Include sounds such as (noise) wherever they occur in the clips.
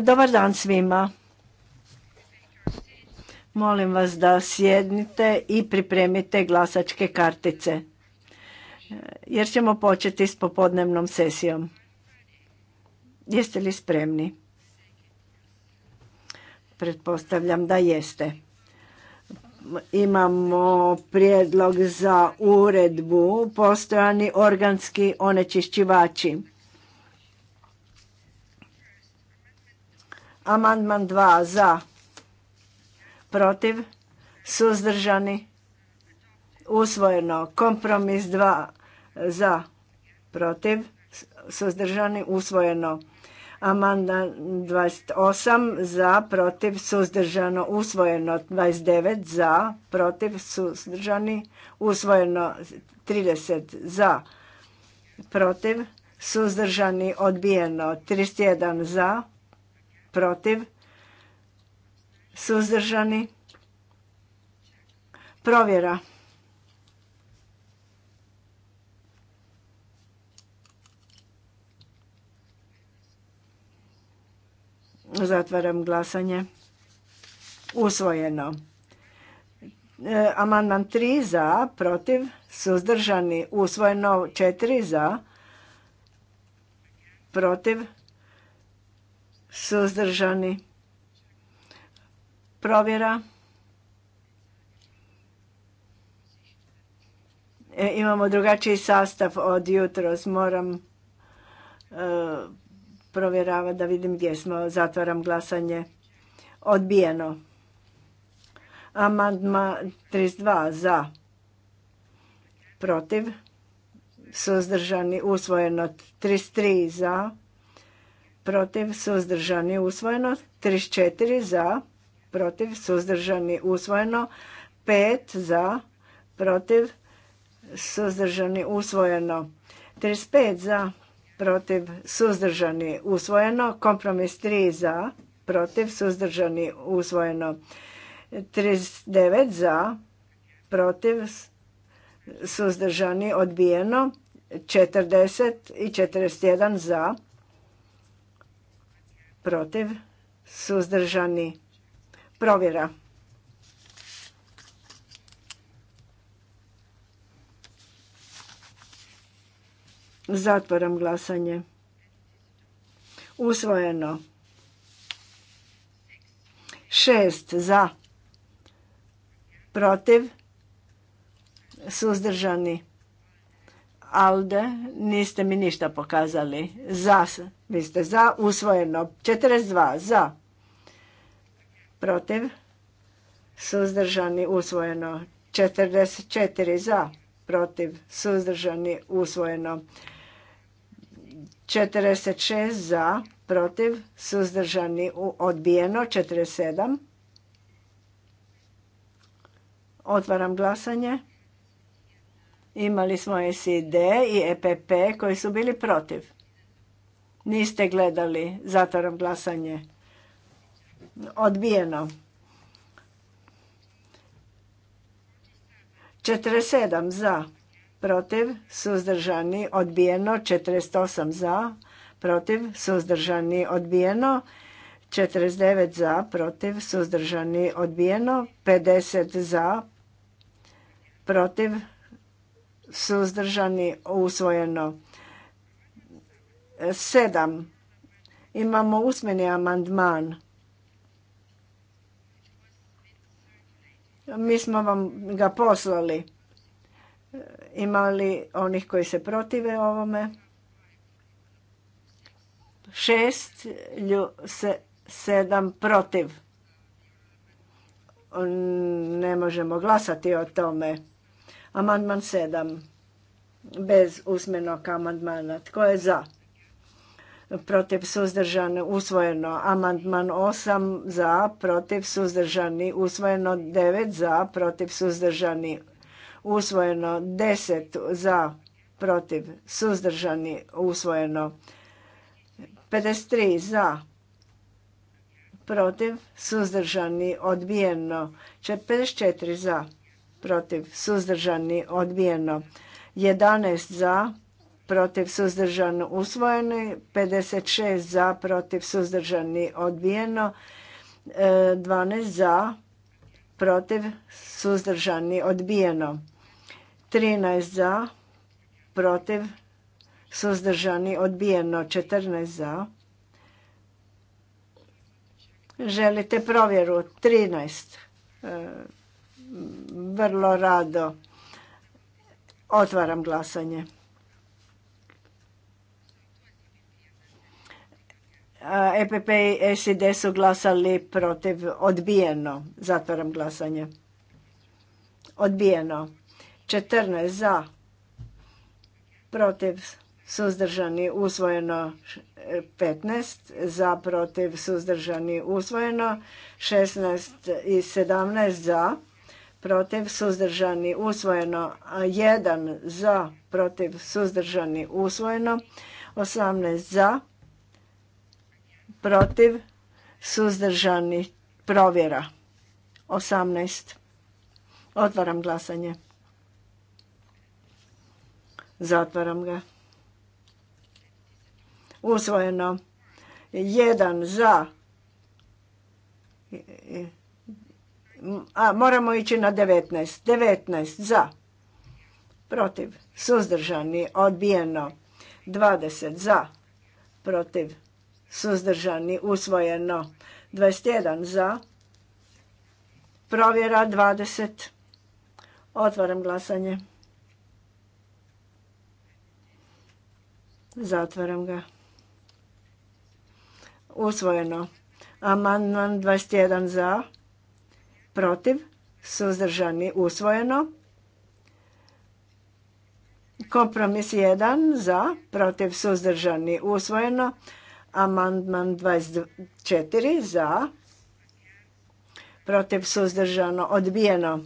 Dobar dan svima. Molim vas da sjednite i pripremite glasačke kartice. E, jer ćemo početi s popodnevnom sesijom. Jeste li spremni? Pretpostavljam da jeste. Imamo prijedlog za uredbu postojani organski onečišćivači Amandman 2 za, protiv, suzdržani, usvojeno. Kompromis 2 za, protiv, suzdržani, usvojeno. Amandman 28 za, protiv, suzdržano, usvojeno. 29 za, protiv, suzdržani, usvojeno. 30 za, protiv, suzdržani, odbijeno. 31 za, protiv, suzdržani, provjera. Zatvaram glasanje. Usvojeno. E, amandman 3 za, protiv, suzdržani. Usvojeno 4 za, protiv, suzdržani provjera e, imamo drugačiji sastav od jutros moram e, provjeravati da vidim gdje smo zatvaram glasanje odbijeno Amandma 32 za protiv suzdržani usvojeno 33 za protiv suzdržani usvojeno 34 za protiv suzdržani usvojeno 5 za protiv suzdržani usvojeno 35 za protiv suzdržani usvojeno kompromis 3 za protiv suzdržani usvojeno 39 za protiv suzdržani odbijeno 40 i 41 za protiv, suzdržani, provjera. Zatvoram glasanje. Usvojeno. Šest za, protiv, suzdržani, Alde, niste mi ništa pokazali. Za, vi ste za, usvojeno. 42, za. Protiv, suzdržani, usvojeno. 44, za. Protiv, suzdržani, usvojeno. 46, za. Protiv, suzdržani, odbijeno. 47. Otvaram glasanje. Imali smo SID i EPP koji su bili protiv. Niste gledali, zatvorom glasanje. Odbijeno. 47 za, protiv, suzdržani, odbijeno. 48 za, protiv, suzdržani, odbijeno. 49 za, protiv, suzdržani, odbijeno. 50 za, protiv, suzdržani usvojeno. Sedam. Imamo usmeni amandman. Mi smo vam ga poslali. Ima li onih koji se protive ovome? Šest, sedam protiv. Ne možemo glasati o tome. Amandman 7. Bez usmenog amandmana. Tko je za? Protiv suzdržan, usvojeno. Amandman 8 za, protiv suzdržani usvojeno. 9 za, protiv suzdržani usvojeno. 10 za, protiv suzdržani usvojeno. 53 za, protiv suzdržani odbijeno. 54 za protiv suzdržani odbijeno 11 za protiv suzdržano usvojeno 56 za protiv suzdržani odbijeno 12 e, za protiv suzdržani odbijeno 13 za protiv suzdržani odbijeno 14 za želite provjeru 13 vrlo rado. Otvaram glasanje. EPP i SID su glasali protiv. Odbijeno. Zatvaram glasanje. Odbijeno. 14 za. Protiv suzdržani usvojeno 15, za protiv suzdržani usvojeno 16 i 17 za, protiv suzdržani usvojeno, a jedan za protiv suzdržani usvojeno, 18 za protiv suzdržani provjera. 18. Otvaram glasanje. Zatvaram ga. Usvojeno. Jedan za a moramo ići na 19. 19 za, protiv, suzdržani, odbijeno. 20 za, protiv, suzdržani, usvojeno. 21 za, provjera 20. Otvaram glasanje. Zatvaram ga. Usvojeno. Amandman 21 za, protiv, suzdržani, usvojeno. Kompromis 1 za, protiv, suzdržani, usvojeno. Amandman 24 za, protiv, suzdržano, odbijeno.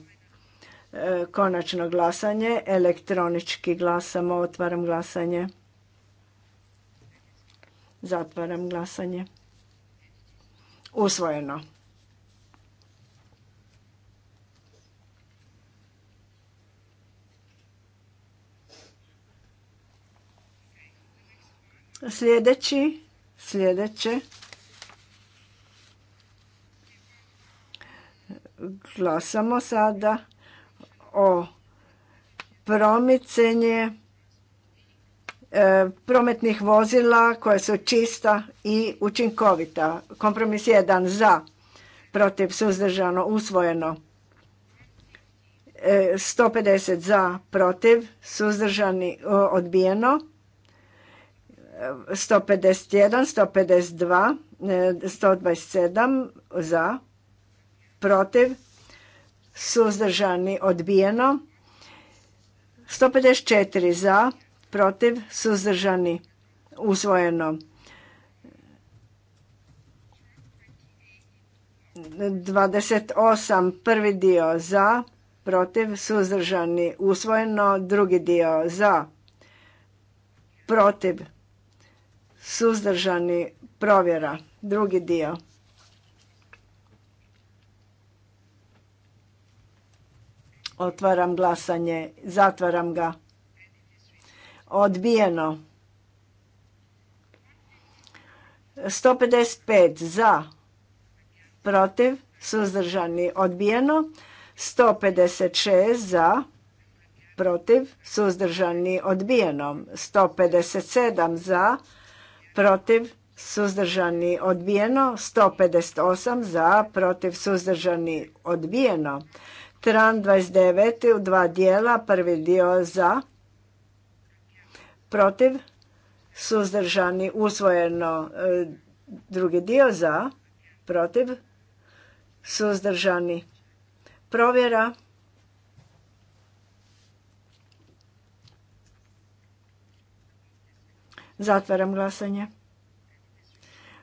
E, konačno glasanje, elektronički glasamo, otvaram glasanje. Zatvaram glasanje. Usvojeno. Sljedeći, sljedeće. Glasamo sada o promicenje prometnih vozila koje su čista i učinkovita. Kompromis jedan za, protiv suzdržano, usvojeno. 150 e, za, protiv, suzdržani, odbijeno. 151, 152, 127 za, protiv, suzdržani odbijeno, 154 za, protiv, suzdržani usvojeno. 28 prvi dio za, protiv, suzdržani usvojeno, drugi dio za, protiv, suzdržani provjera drugi dio otvaram glasanje zatvaram ga odbijeno 155 za protiv suzdržani odbijeno 156 za protiv suzdržani odbijeno 157 za protiv, suzdržani, odbijeno. 158 za, protiv, suzdržani, odbijeno. Tran 29 u dva dijela, prvi dio za, protiv, suzdržani, usvojeno, e, drugi dio za, protiv, suzdržani. Provjera. Zatvaram glasanje.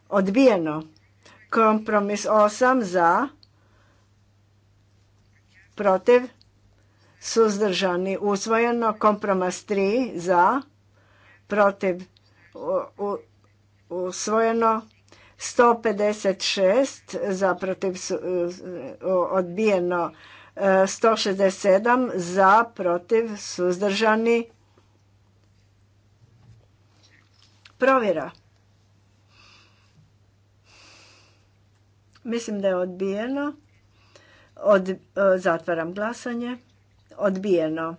Odbijeno. Kompromis 8 za. Protiv. Suzdržani. Usvojeno. Kompromis 3 za. Protiv. Usvojeno. 156 za protiv odbijeno 167 e, za protiv suzdržani provjera. Mislim da je odbijeno. Od, e, zatvaram glasanje. Odbijeno.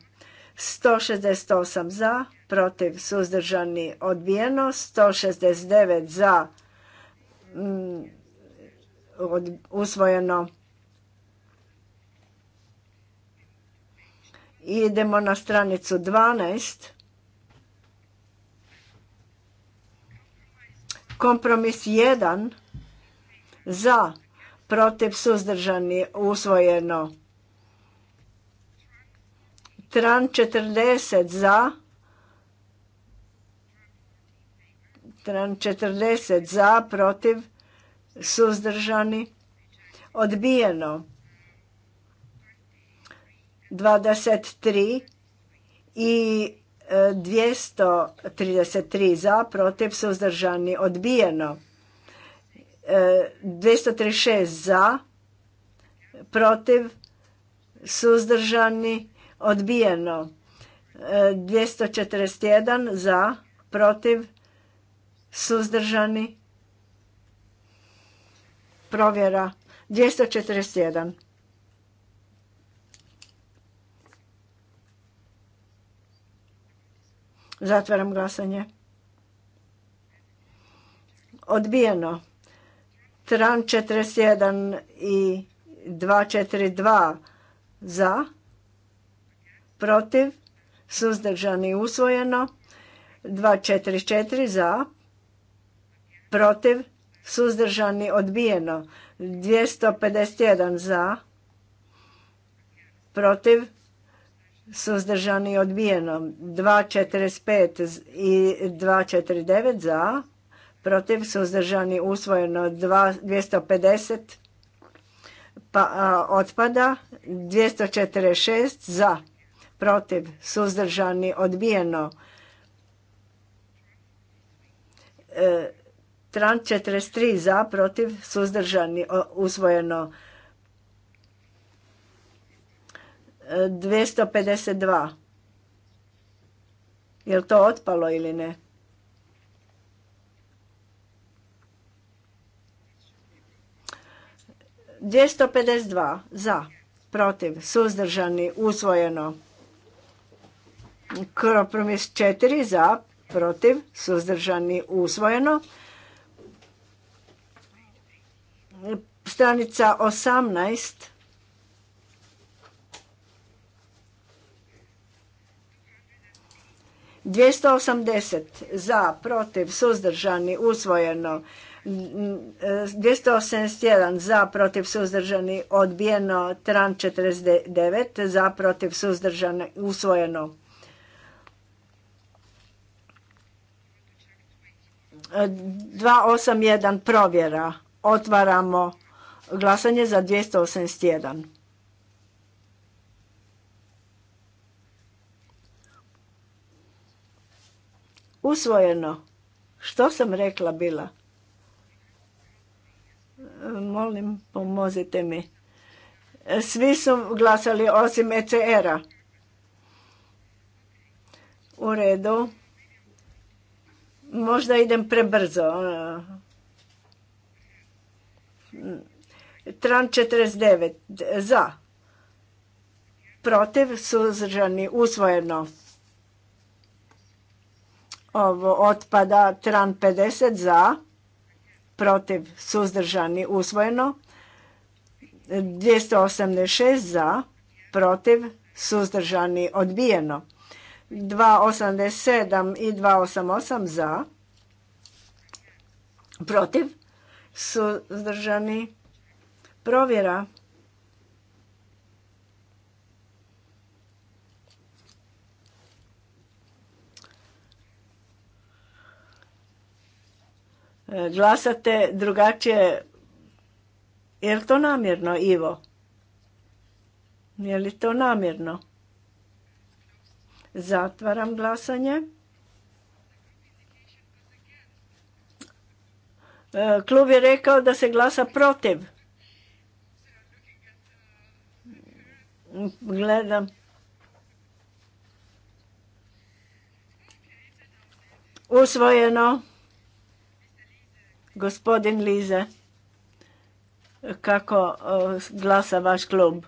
168 za, protiv suzdržani odbijeno. 169 za, mm, od, usvojeno. Idemo na stranicu 12. Kompromis 1 za, protiv suzdržani usvojeno. Tran 40 za, Tran 40 za, protiv suzdržani odbijeno. 23 i 233 za, protiv, suzdržani, odbijeno. 236 e, za, protiv, suzdržani, odbijeno. 241 e, za, protiv, suzdržani, provjera. 241. Zatvaram glasanje. Odbijeno. Tran 41 i 242 za, protiv, suzdržani usvojeno, 244 za, protiv, suzdržani odbijeno, 251 za, protiv, suzdržani odbijeno 2.45 i 2.49 za protiv suzdržani usvojeno 250 pa otpada 246 za protiv suzdržani odbijeno e, tran 43 za protiv suzdržani usvojeno 252. Jel to otpalo ili ne? Dvjesto za protiv suzdržani usvojeno Kropromis četiri za protiv suzdržani usvojeno stranica osamnaest 280 za, protiv, suzdržani, usvojeno. 281 za, protiv, suzdržani, odbijeno. Tran 49 za, protiv, suzdržani, usvojeno. 281 provjera. Otvaramo glasanje za 281. Usvojeno. Što sam rekla bila? Molim, pomozite mi. Svi su glasali osim ECR-a. U redu. Možda idem prebrzo. Tran 49. Za. Protiv suzdržani. Usvojeno ovo, otpada tran 50 za, protiv suzdržani usvojeno, 286 za, protiv suzdržani odbijeno, 287 i 288 za, protiv suzdržani provjera glasate drugačije. Je to namjerno, Ivo? Je li to namjerno? Zatvaram glasanje. E, klub je rekao da se glasa protiv. Gledam. Usvojeno. Gospodin Lize, kako glasa vaš klub?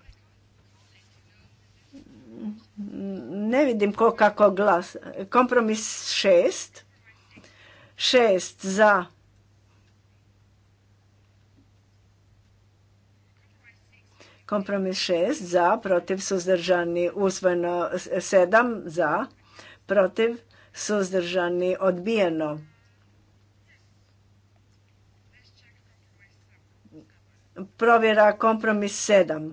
Ne vidim ko kako glasa. Kompromis šest. Šest za. Kompromis šest za, protiv suzdržani usvojeno sedam za, protiv suzdržani odbijeno. Provjera kompromis 7.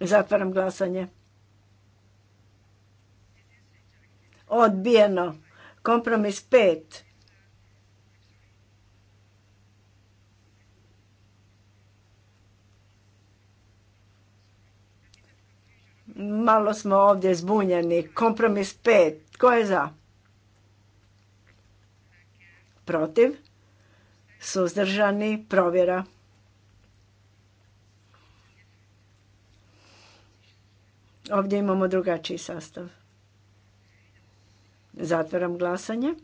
Zatvaram glasanje. Odbijeno. Kompromis 5. Malo smo ovdje zbunjeni. Kompromis 5. Ko je za? protiv, suzdržani, provjera. Ovdje imamo drugačiji sastav. Zatvaram glasanje.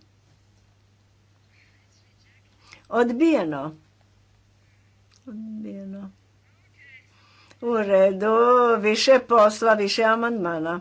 Odbijeno. Odbijeno. U redu, više posla, više amandmana.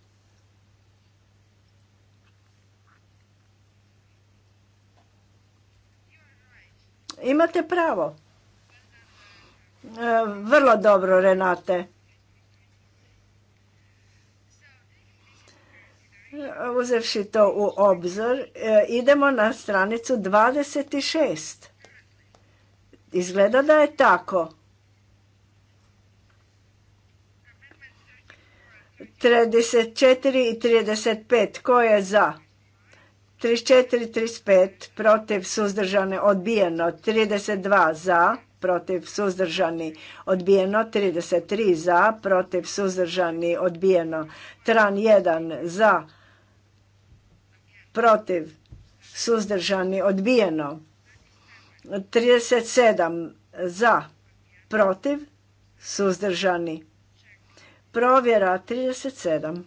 Imate pravo. E, vrlo dobro, Renate. Uzevši to u obzor, e, idemo na stranicu 26. Izgleda da je tako. Trideset četiri i trideset pet. Ko je za? 34, 35 protiv suzdržane odbijeno, 32 za, protiv suzdržani odbijeno, 33 za, protiv suzdržani odbijeno, tran 1 za, protiv suzdržani odbijeno, 37 za, protiv suzdržani. Provjera 37.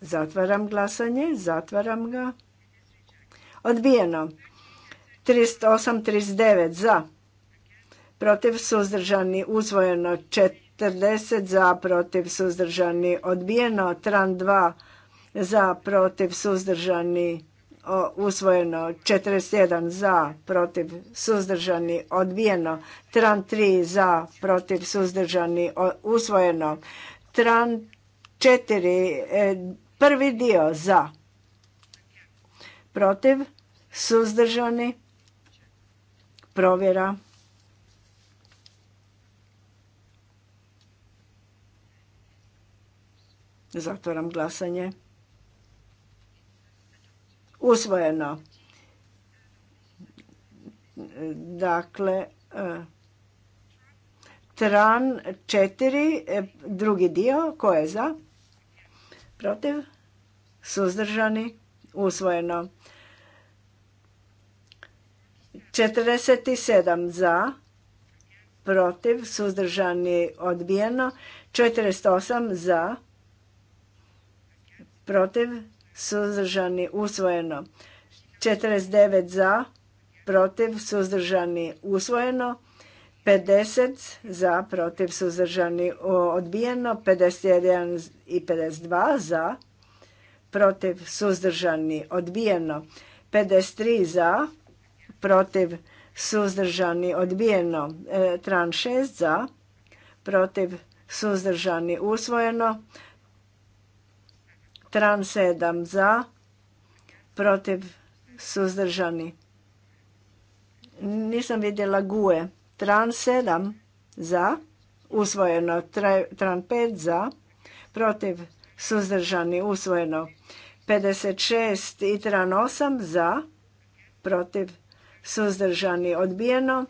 Zatvaram glasanje, zatvaram ga. Odbijeno. 38, 39 za. Protiv suzdržani uzvojeno 40 za, protiv suzdržani odbijeno. Tran 2 za, protiv suzdržani usvojeno 41 za, protiv suzdržani odbijeno. Tran 3 za, protiv suzdržani usvojeno. Tran četiri e, Prvi dio za. Protiv. Suzdržani. Provjera. Zatvoram glasanje. Usvojeno. Dakle, e, Tran 4, e, drugi dio, ko je za? Protiv? Suzdržani? Usvojeno. 47 za, protiv, suzdržani odbijeno. 48 za, protiv, suzdržani usvojeno. 49 za, protiv, suzdržani usvojeno. 50 za, protiv suzdržani odbijeno, 51 i 52 za, protiv suzdržani odbijeno, 53 za, protiv suzdržani odbijeno, tran 6 za, protiv suzdržani usvojeno, tran 7 za, protiv suzdržani. Nisam vidjela guje. Tran 7 za, usvojeno. Tran 5 za, protiv, suzdržani, usvojeno. 56 i Tran 8 za, protiv, suzdržani, odbijeno.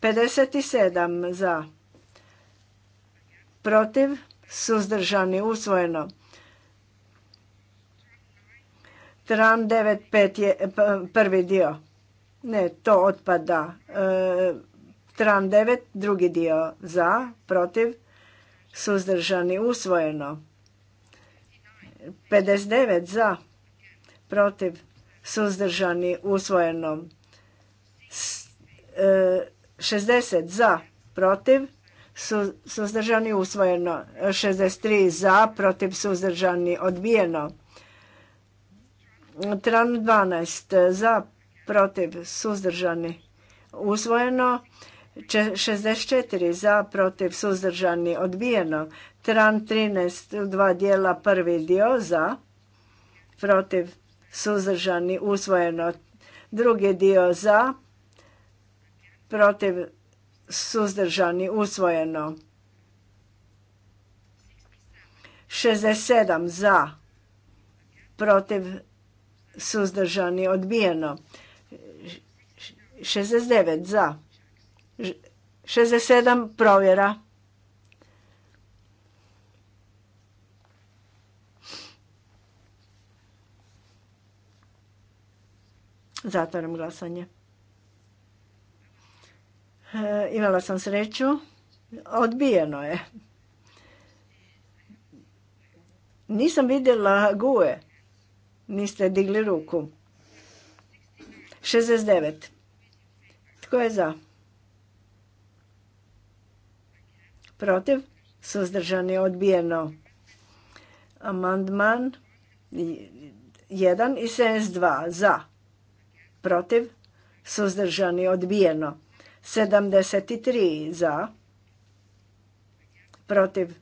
57 za, protiv, suzdržani, usvojeno. Tran 9.5 je prvi dio. Ne, to otpada. E, Tram 9, drugi dio za, protiv, suzdržani, usvojeno. 59 za, protiv, suzdržani, usvojeno. 60 za, protiv, suzdržani, usvojeno. 63 za, protiv, suzdržani, odbijeno. Tran 12 za, protiv, suzdržani, usvojeno. 64 za, protiv, suzdržani, odbijeno. Tran 13 dva dijela, prvi dio za, protiv, suzdržani, usvojeno. Drugi dio za, protiv, suzdržani, usvojeno. 67 za, protiv, suzdržani, odbijeno. 69 za, 67 provjera. Zatvaram glasanje. E, imala sam sreću. Odbijeno je. Nisam vidjela guje. Niste digli ruku. 69. Tko je za? protiv, suzdržani, odbijeno. Amandman 1 i 72 za, protiv, suzdržani, odbijeno. 73 za, protiv,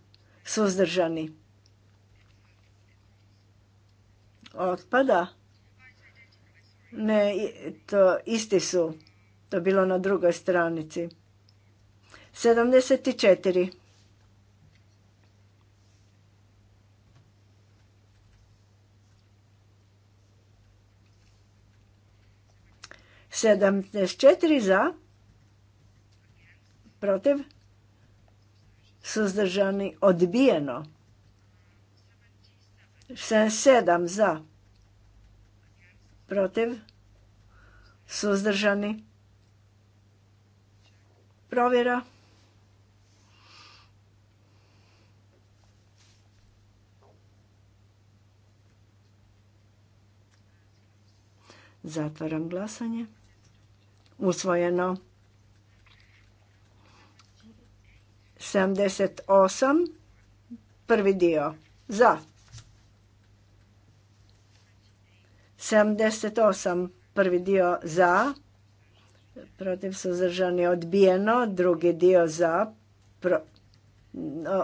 suzdržani. Otpada? Ne, to isti su. To bilo na drugoj stranici. 74. četiri za, protiv, suzdržani, odbijeno. Sedam za, protiv, suzdržani, provjera. Zatvaram glasanje. Usvojeno. 78. Prvi dio. Za. 78. Prvi dio za. Protiv suzdržani odbijeno. Drugi dio za.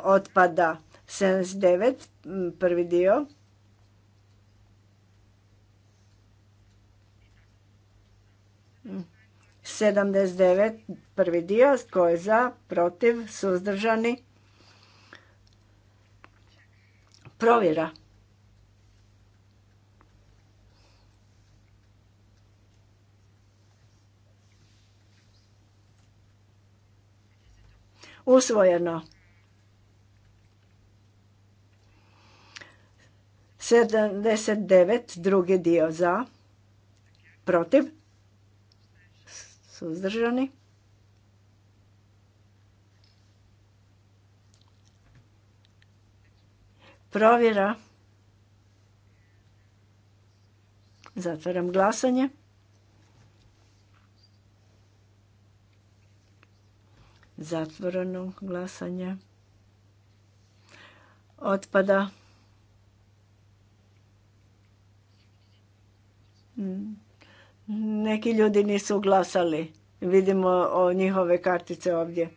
otpada 79. Prvi dio 79, prvi dio, tko je za, protiv, suzdržani. Provjera. Usvojeno. 79, drugi dio za, protiv, Suzdržani. Provjera. Zatvaram glasanje. Zatvoreno glasanje. Otpada. Mm. Neki ljudi nisu glasali. Vidimo o njihove kartice ovdje.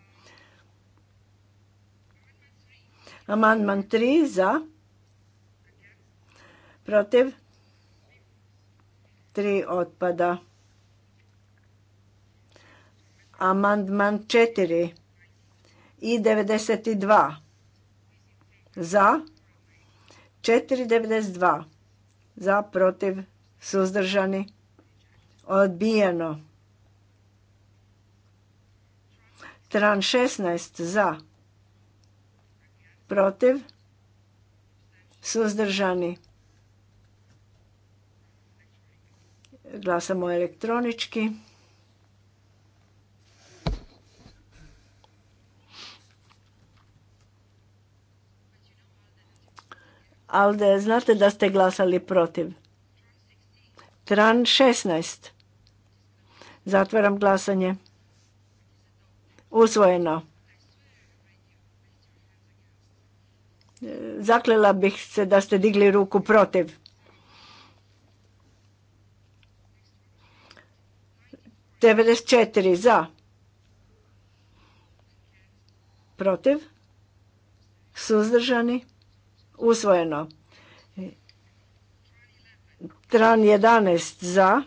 Amandman 3 za. Protiv. 3 otpada. Amandman 4 i 92 za. 4,92 za, protiv, suzdržani odbijeno. Tran 16 za, protiv, suzdržani. Glasamo elektronički. Alde, znate da ste glasali protiv. Tran 16. Zatvaram glasanje. Usvojeno. Zaklela bih se da ste digli ruku protiv. Devedeset četiri za. Protiv. Suzdržani. Usvojeno. Tran 11 za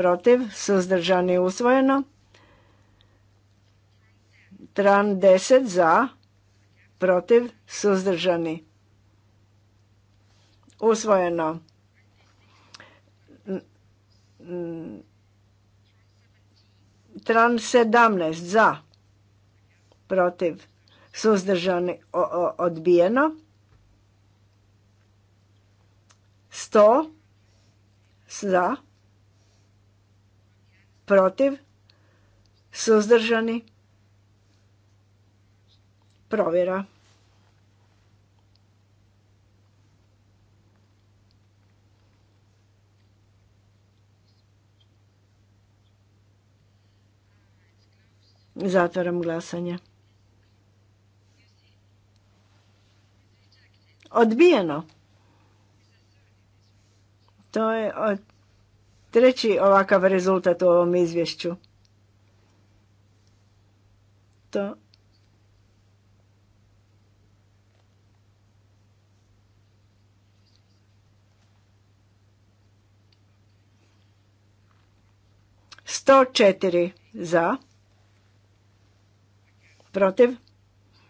protiv, suzdržani usvojeno. Tran 10 za, protiv, suzdržani. Usvojeno. Tran 17 za, protiv, suzdržani, odbijeno. 100 za, protiv, suzdržani, provjera. Zatvaram glasanje. Odbijeno. To je od treći ovakav rezultat u ovom izvješću. To Sto četiri za, protiv,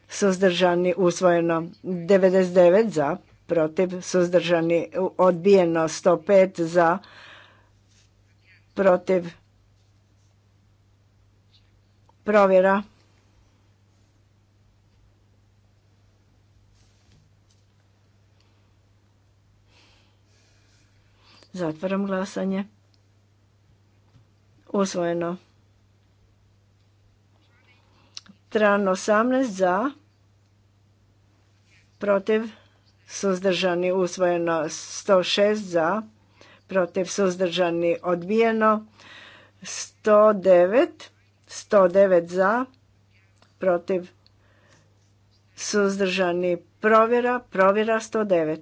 suzdržani, usvojeno, 99 za, protiv, suzdržani, odbijeno, 105 za, protiv provjera Zatvaram glasanje. Usvojeno. Tran 18 za. Protiv. Suzdržani usvojeno 106 za protiv suzdržani odbijeno 109 109 za protiv suzdržani provjera provjera 109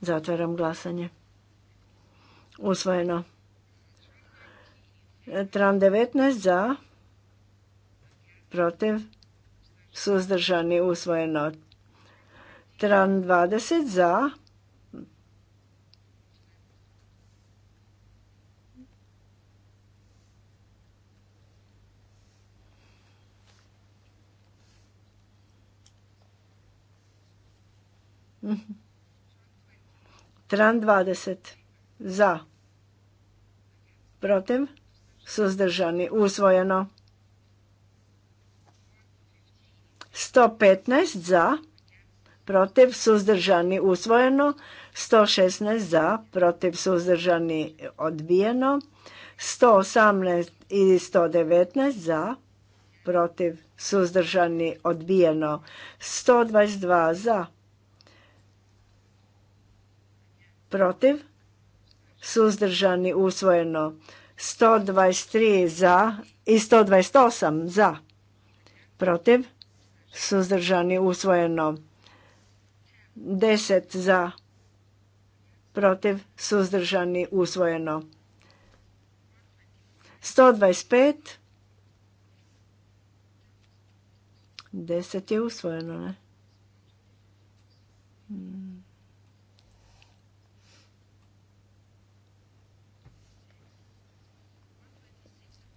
Zatvaram glasanje. Usvojeno. Tram 19 za, protiv, suzdržani usvojeno. Tran 20 za, Tran 20. Za. Protiv. Suzdržani. Usvojeno. 115 za, protiv suzdržani usvojeno, 116 za, protiv suzdržani odbijeno, 118 i 119 za, protiv suzdržani odbijeno, 122 za, protiv suzdržani usvojeno, 123 za i 128 za, protiv suzdržani usvojeno 10 za protiv suzdržani usvojeno 125 10 je usvojeno ne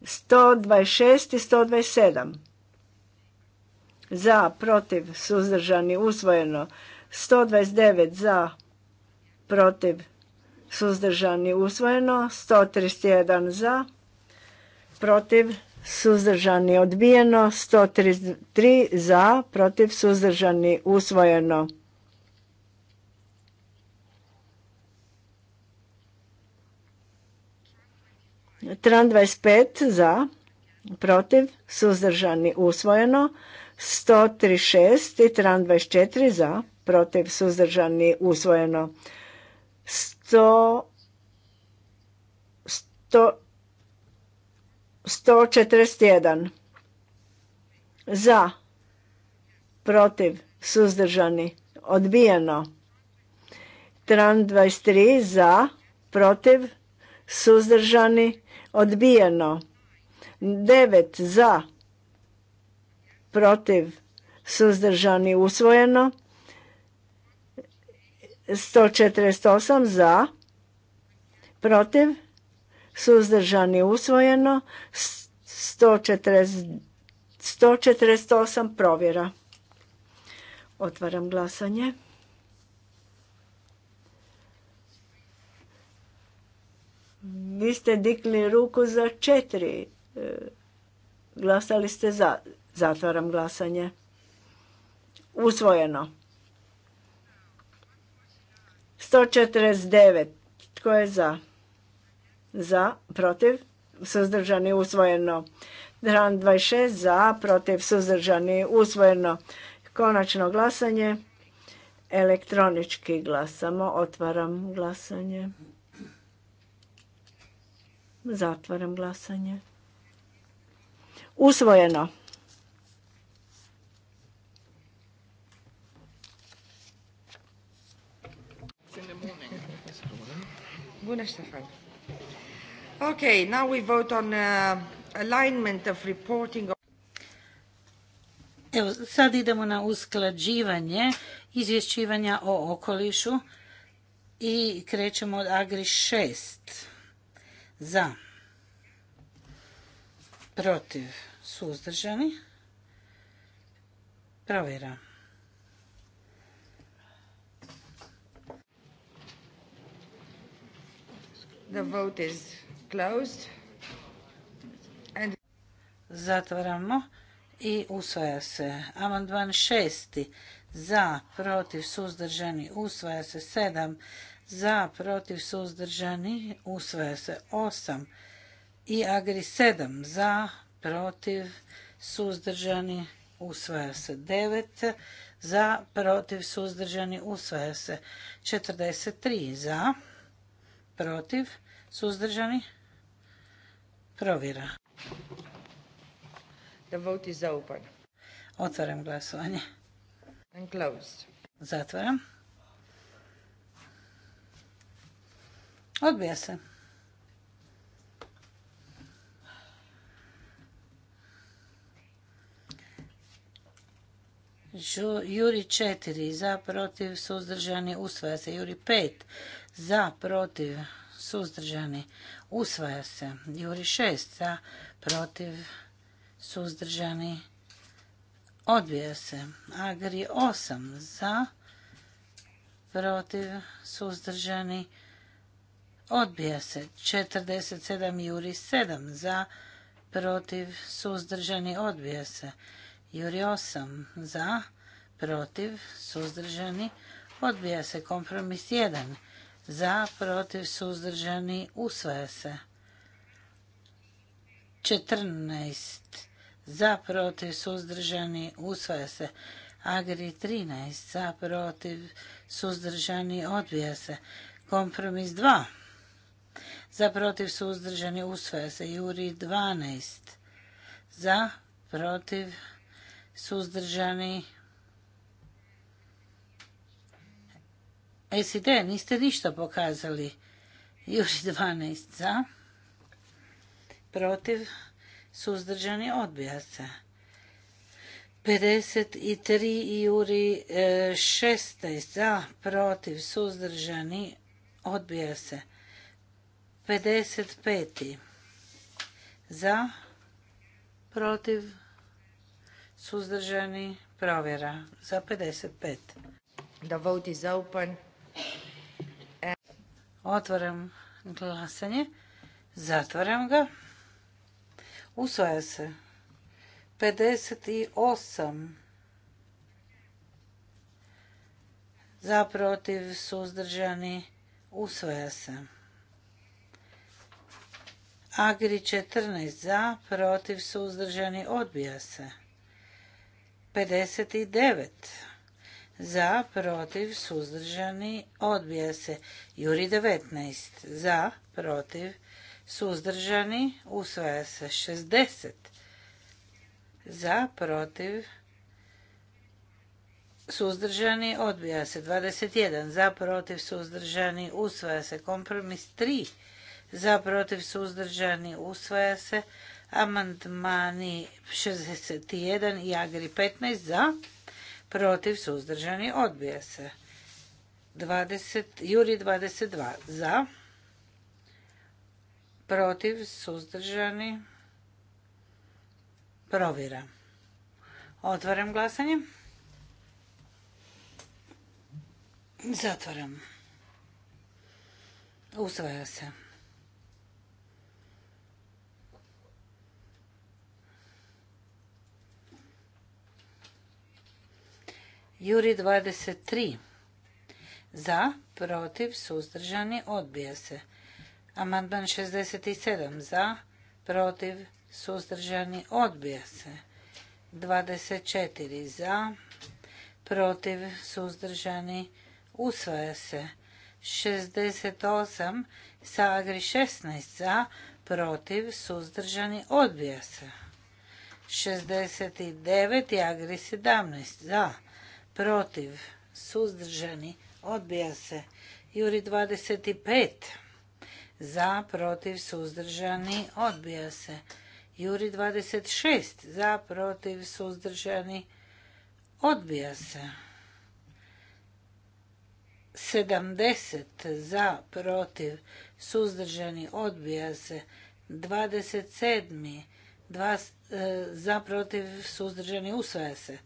Sto dvadeset šest i sto dvadeset sedam za, protiv, suzdržani, usvojeno. 129 za, protiv, suzdržani, usvojeno. 131 za, protiv, suzdržani, odbijeno. 133 za, protiv, suzdržani, usvojeno. Tran 25 za, protiv, suzdržani, usvojeno. 136 i tran 24 za, protiv suzdržani usvojeno. 100, 141 za, protiv suzdržani odbijeno. Tran 23 za, protiv suzdržani odbijeno. 9 za, protiv, suzdržani, usvojeno. 148 za, protiv, suzdržani, usvojeno. 140, 148 provjera. Otvaram glasanje. Vi ste dikli ruku za četiri. E, glasali ste za. Zatvaram glasanje. Usvojeno. 149. Tko je za? Za, protiv, suzdržani, usvojeno. Dran 26 za, protiv, suzdržani, usvojeno. Konačno glasanje. Elektronički glasamo. Otvaram glasanje. Zatvaram glasanje. Usvojeno. Buona Stefan. Okay, now we vote on uh, alignment of reporting. Evo, sad idemo na usklađivanje izvješćivanja o okolišu i krećemo od Agri 6. Za. Protiv. Suzdržani. Provjera. The vote is closed. Zatvaramo i usvaja se. Amandman šesti za, protiv, suzdržani, usvaja se sedam. Za, protiv, suzdržani, usvaja se osam. I agri sedam. Za, protiv, suzdržani, usvaja se devet. Za, protiv, suzdržani, usvaja se tri Za, protiv, suzdržani, provjera. The vote is Otvaram glasovanje. And Zatvaram. Odbija se. Juri četiri, za, protiv, suzdržani, usvaja se. Juri pet za, protiv, suzdržani, usvaja se. Juri šest, za, protiv, suzdržani, odbija se. Agri osam, za, protiv, suzdržani, odbija se. 47 Juri 7 za, protiv, suzdržani, odbija se. Juri osam, za, protiv, suzdržani, odbija se. Kompromis 1 za, protiv, suzdržani, usvaja se. 14 za, protiv, suzdržani, usvaja se. Agri 13 za, protiv, suzdržani, odbija se. Kompromis 2 za, protiv, suzdržani, usvaja se. Juri 12 za, protiv, suzdržani, SID, niste ništa pokazali. juri 12 za. Protiv. Suzdržani odbija se. 53 juri 16 e, za. Protiv. Suzdržani odbija se. 55 za. Protiv. Suzdržani provjera za 55. The vote is open. Otvaram glasanje. Zatvaram ga. Usvaja se. 58. Za protiv suzdržani. Usvaja se. Agri 14 za, protiv suzdržani odbija se. 59 za, protiv, suzdržani, odbija se. Juri 19 za, protiv, suzdržani, usvaja se. 60 za, protiv, suzdržani, odbija se. 21 za, protiv, suzdržani, usvaja se. Kompromis 3 za, protiv, suzdržani, usvaja se. Amandmani 61 i Agri 15 za, protiv, suzdržani, odbija se. 20, juri 22 za, protiv, suzdržani, provjera. Otvaram glasanje. Zatvaram. Usvaja se. Juri 23. Za, protiv, suzdržani, odbija se. Amandman 67. Za, protiv, suzdržani, odbija se. 24. Za, protiv, suzdržani, usvaja se. 68. Sa agri 16. Za, protiv, suzdržani, odbija se. 69. Agri 17. Za, protiv, suzdržani, odbija se. Juri 25 za, protiv, suzdržani, odbija se. Juri 26 za, protiv, suzdržani, odbija se. 70 za, protiv, suzdržani, odbija se. 27 dva, eh, za, protiv, suzdržani, usvaja se.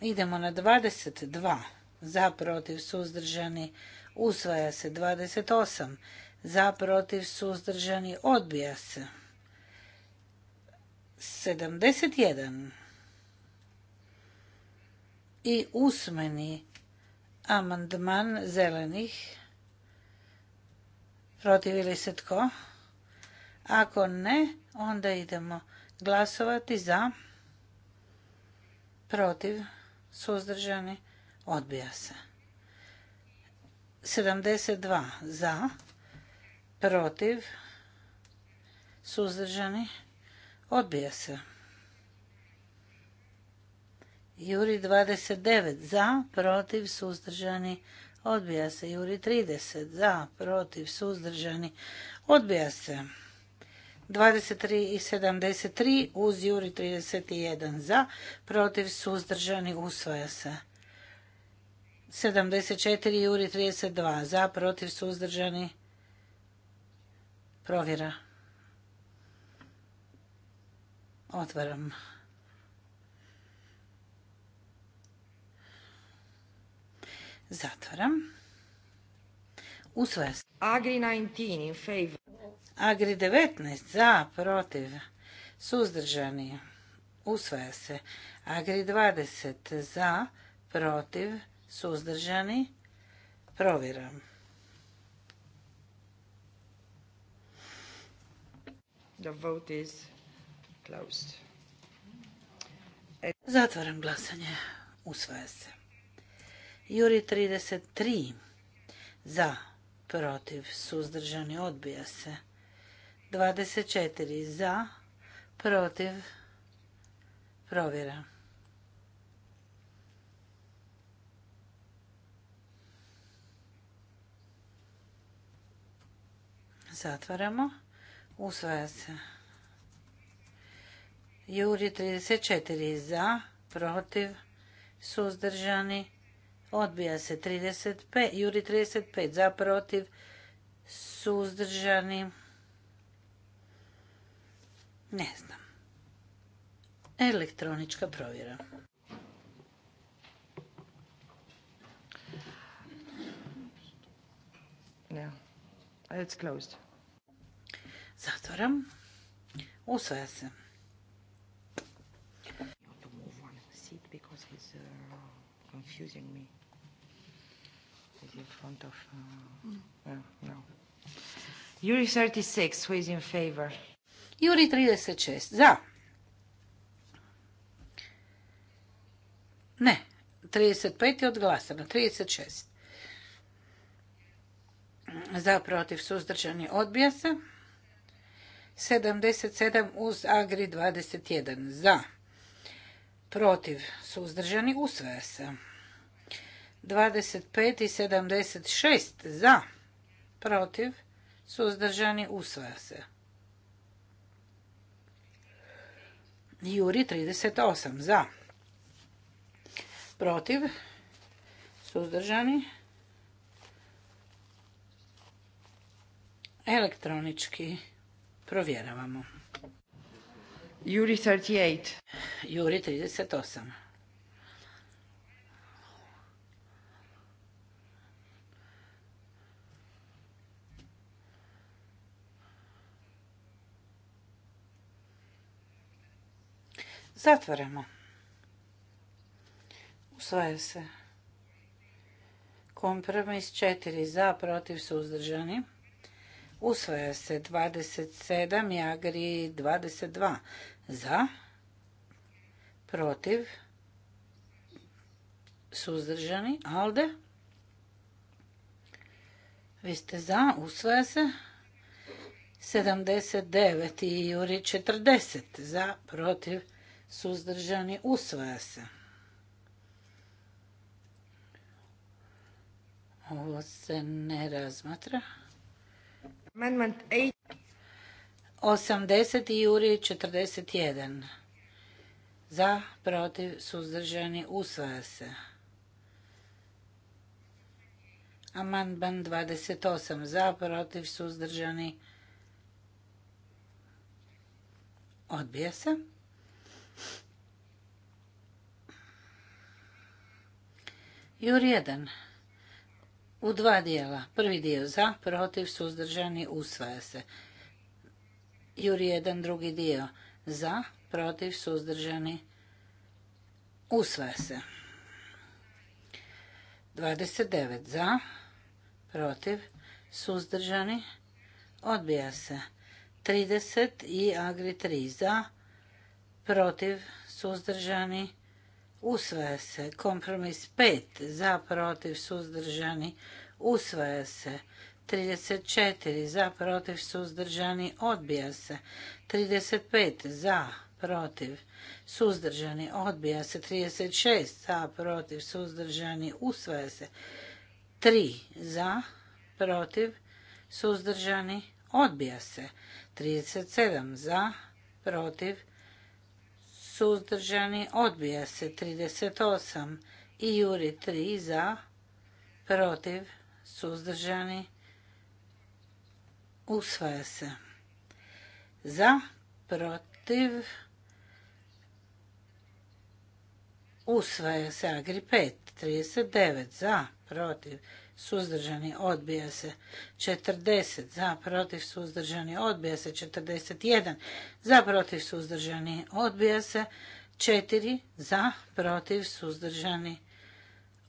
Idemo na 22. Za, protiv, suzdržani, usvaja se. 28. Za, protiv, suzdržani, odbija se. 71. I usmeni amandman zelenih. protiv li se tko? Ako ne, onda idemo glasovati za protiv, suzdržani, odbija se. 72 za, protiv, suzdržani, odbija se. Juri 29 za, protiv, suzdržani, odbija se. Juri 30 za, protiv, suzdržani, odbija se. 23 i 73 uz Juri 31 za, protiv suzdržani usvaja se. 74 Juri 32 za, protiv suzdržani provjera. Otvaram. Zatvaram. Usvaja Agri 19 in favor. Agri 19 za, protiv, suzdržani. Usvaja se. Agri 20 za, protiv, suzdržani. Provjeram. The vote is closed. Zatvaram glasanje. Usvaja se. Juri 33 za, protiv, suzdržani, odbija se. 24 za, protiv, provjera. Zatvaramo. Usvaja se. Juri 34 za, protiv, suzdržani, Odbija se 35, juri 35 za protiv, suzdržani. Ne znam. Elektronička provjera. Yeah. It's closed. Zatvoram. Usvaja se. Uh, confusing me in front of... Uh, no. Juri 36, who is in favor? Juri 36, za. Ne, 35 je odglasano, 36. Za, protiv, suzdržani, odbija se. 77 uz Agri 21, za. Protiv, suzdržani, usvaja se. 25 i 76 za, protiv, suzdržani, usvaja se. Juri 38 za, protiv, suzdržani, elektronički provjeravamo. Juri 38. Juri 38. Zatvaramo. Usvaja se. Kompromis 4 za, protiv suzdržani. Usvaja se 27 i 22 za, protiv suzdržani. Alde? Vi ste za, usvaja se. 79 i Juri 40 za, protiv suzdržani, usvaja se. Ovo se ne razmatra. 80 i Juri 41. Za, protiv, suzdržani, usvaja se. Amandman 28. Za, protiv, suzdržani, odbija se. Jur 1. U dva dijela. Prvi dio za, protiv, suzdržani, usvaja se. Jur 1. Drugi dio za, protiv, suzdržani, usvaja se. 29 za, protiv, suzdržani, odbija se. 30 i agri 3 za, protiv, suzdržani, usvaja se. Kompromis 5 za protiv suzdržani usvaja se. 34 za protiv suzdržani odbija se. 35 za protiv suzdržani odbija se. 36 za protiv suzdržani usvaja se. 3 za protiv suzdržani odbija se. 37 za protiv suzdržani, odbija se 38 i juri 3 za, protiv, suzdržani, usvaja se. Za, protiv, usvaja se agri 5, 39 za, protiv, suzdržani, odbija se. 40 za, protiv, suzdržani, odbija se. 41 za, protiv, suzdržani, odbija se. 4 za, protiv, suzdržani,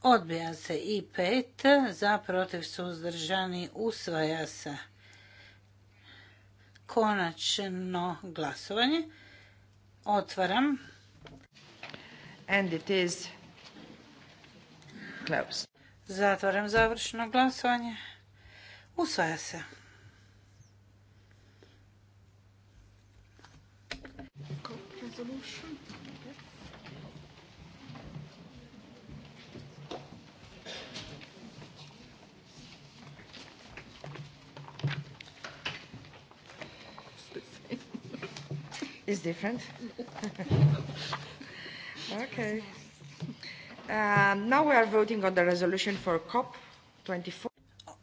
odbija se. I 5 za, protiv, suzdržani, usvaja se. Konačno glasovanje. Otvaram. And it is closed. Zatvaram završno glasovanje. Usvaja se. Is different. (laughs) okay. Um, now we are voting on the resolution for COP24.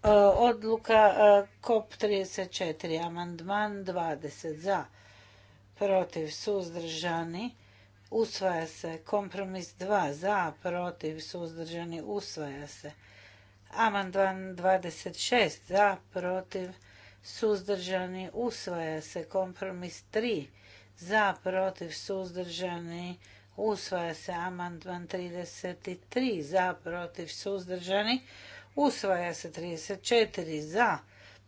Uh, odluka uh, COP34, amandman 20 za, protiv suzdržani, usvaja se. Kompromis 2 za, protiv suzdržani, usvaja se. Amandman 26 za, protiv suzdržani, usvaja se. Kompromis 3 za, protiv suzdržani, usvaja se Usvaja se amandman 33 za, protiv, suzdržani. Usvaja se 34 za,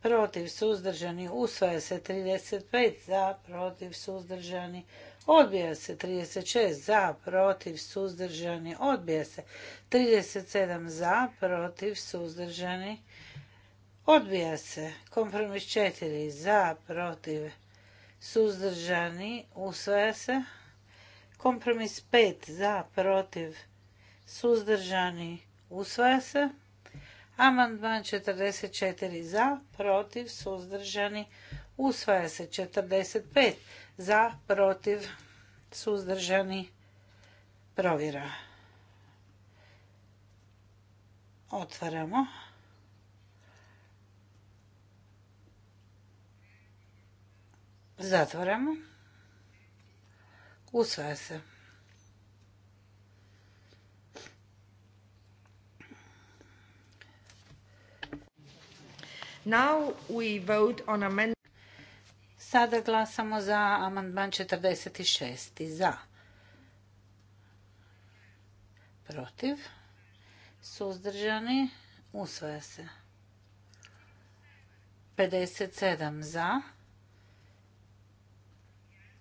protiv, suzdržani. Usvaja se 35 za, protiv, suzdržani. Odbija se 36 za, protiv, suzdržani. Odbija se 37 za, protiv, suzdržani. Odbija se kompromis 4 za, protiv, suzdržani. Usvaja se Kompromis 5 za, protiv, suzdržani, usvaja se. Amandman 44 za, protiv, suzdržani, usvaja se. 45 za, protiv, suzdržani, provjera. Otvaramo. Zatvaramo. Usvaja se. Now we vote on amend... Sada glasamo za amandman 46. Za. Protiv. Suzdržani. Usvaja se. 57 za.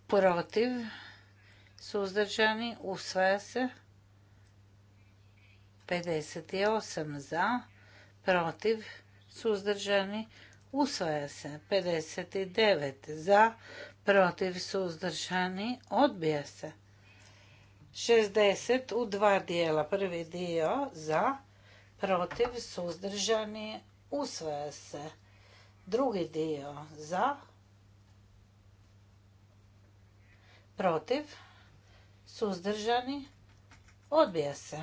Protiv suzdržani, usvaja se. 58 za, protiv, suzdržani, usvaja se. 59 za, protiv, suzdržani, odbija se. 60 u dva dijela. Prvi dio za, protiv, suzdržani, usvaja se. Drugi dio za, protiv, suzdržani, odbija se.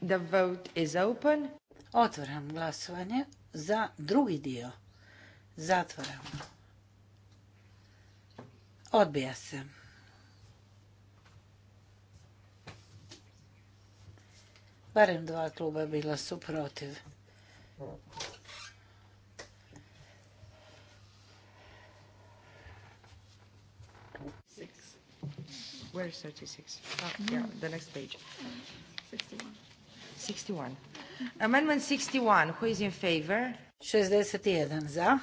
The vote is open. Otvaram glasovanje za drugi dio. Zatvaram. Odbija se. Barem dva kluba bila su protiv. Where is 36? Ah, -hmm. yeah, the next page. 61. 61. Amendment 61. Who is in favor? 61 za,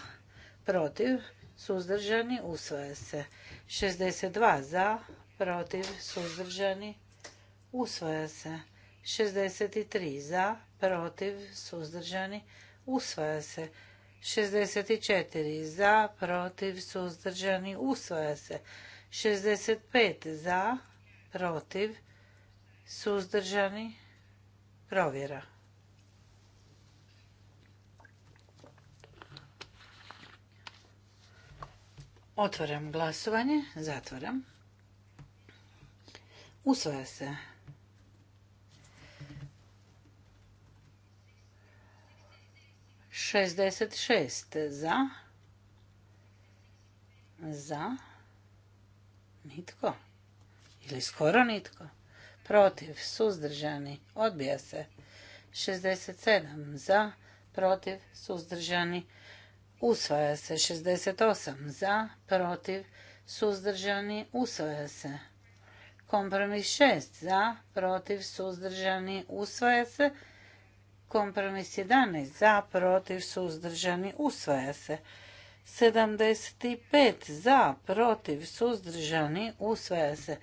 protiv, suzdržani, usvaja se. 62 za, protiv, suzdržani, usvaja se. 63 za, protiv, suzdržani, usvaja se. 64 za, protiv, suzdržani, usvaja se. 65 za, protiv, suzdržani, provjera. Otvaram glasovanje, zatvaram. Usvaja se 66 za. Za. Nitko. Ili skoro nitko. Protiv. Suzdržani. Odbija se. 67 za. Protiv. Suzdržani. Usvaja se. 68 za. Protiv. Suzdržani. Usvaja se. Kompromis 6 za. Protiv. Suzdržani. Usvaja se. Kompromis 11 za, protiv, suzdržani, usvaja se. 75 za, protiv, suzdržani, usvaja se.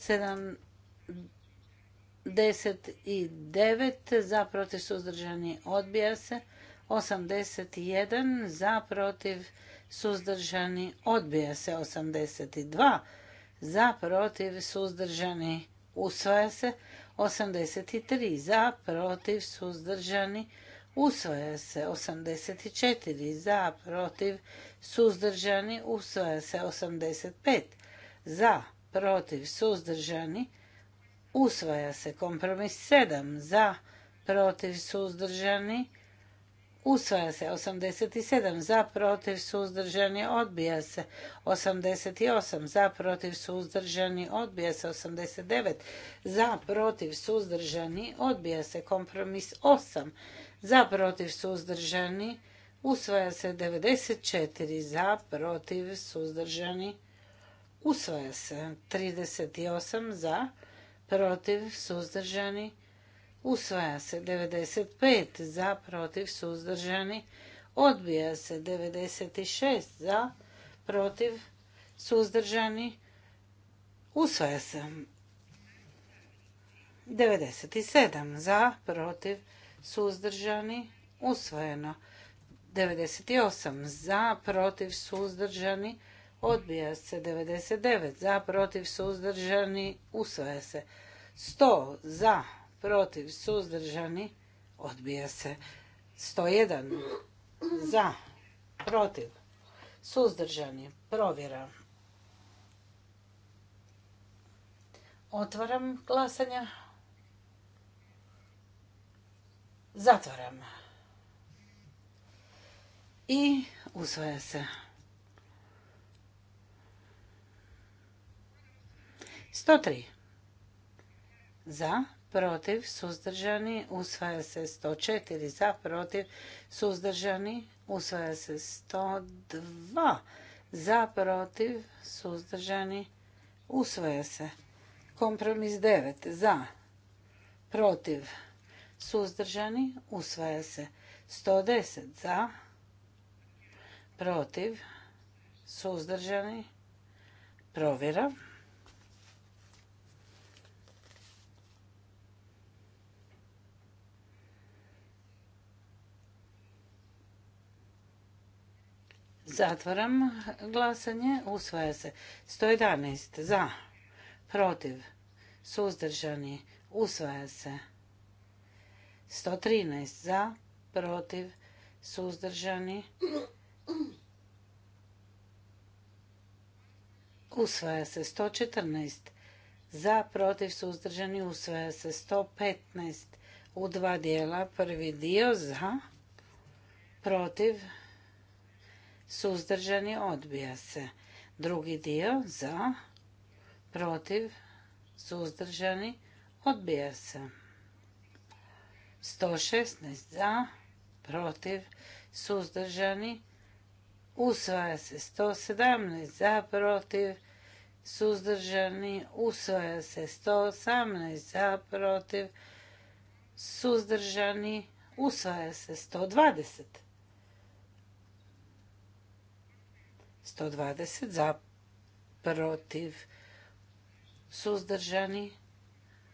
79 za, protiv, suzdržani, odbija se. 81 za, protiv, suzdržani, odbija se. 82 za, protiv, suzdržani, usvaja se. 83 za, protiv, suzdržani, usvaja se. 84 za, protiv, suzdržani, usvaja se. 85 za, protiv, suzdržani, usvaja se. Kompromis 7 za, protiv, suzdržani, Usvaja se 87 za protiv suzdržani odbija se 88 za protiv suzdržani odbija se 89 za protiv suzdržani odbija se kompromis 8 za protiv suzdržani usvaja se 94 za protiv suzdržani usvaja se 38 za protiv suzdržani Usvaja se 95 za protiv suzdržani. Odbija se 96 za protiv suzdržani. Usvaja se 97 za protiv suzdržani. Usvojeno 98 za protiv suzdržani. Odbija se 99 za protiv suzdržani. Usvaja se 100 za protiv, suzdržani, odbija se. 101 za, protiv, suzdržani, provjera. Otvaram glasanje. Zatvaram. I usvaja se. 103. Za, protiv, suzdržani, usvaja se 104 za, protiv, suzdržani, usvaja se 102 za, protiv, suzdržani, usvaja se. Kompromis 9 za, protiv, suzdržani, usvaja se 110 za, protiv, suzdržani, provjera. Zatvaram glasanje. Usvaja se. 111 za. Protiv. Suzdržani. Usvaja se. 113 za. Protiv. Suzdržani. Usvaja se. 114 za. Protiv. Suzdržani. Usvaja se. 115 u dva dijela. Prvi dio za. Protiv suzdržani, odbija se. Drugi dio za, protiv, suzdržani, odbija se. 116 za, protiv, suzdržani, usvaja se. 117 za, protiv, suzdržani, usvaja se. 118 za, protiv, suzdržani, usvaja se. 120 120 za, protiv, suzdržani,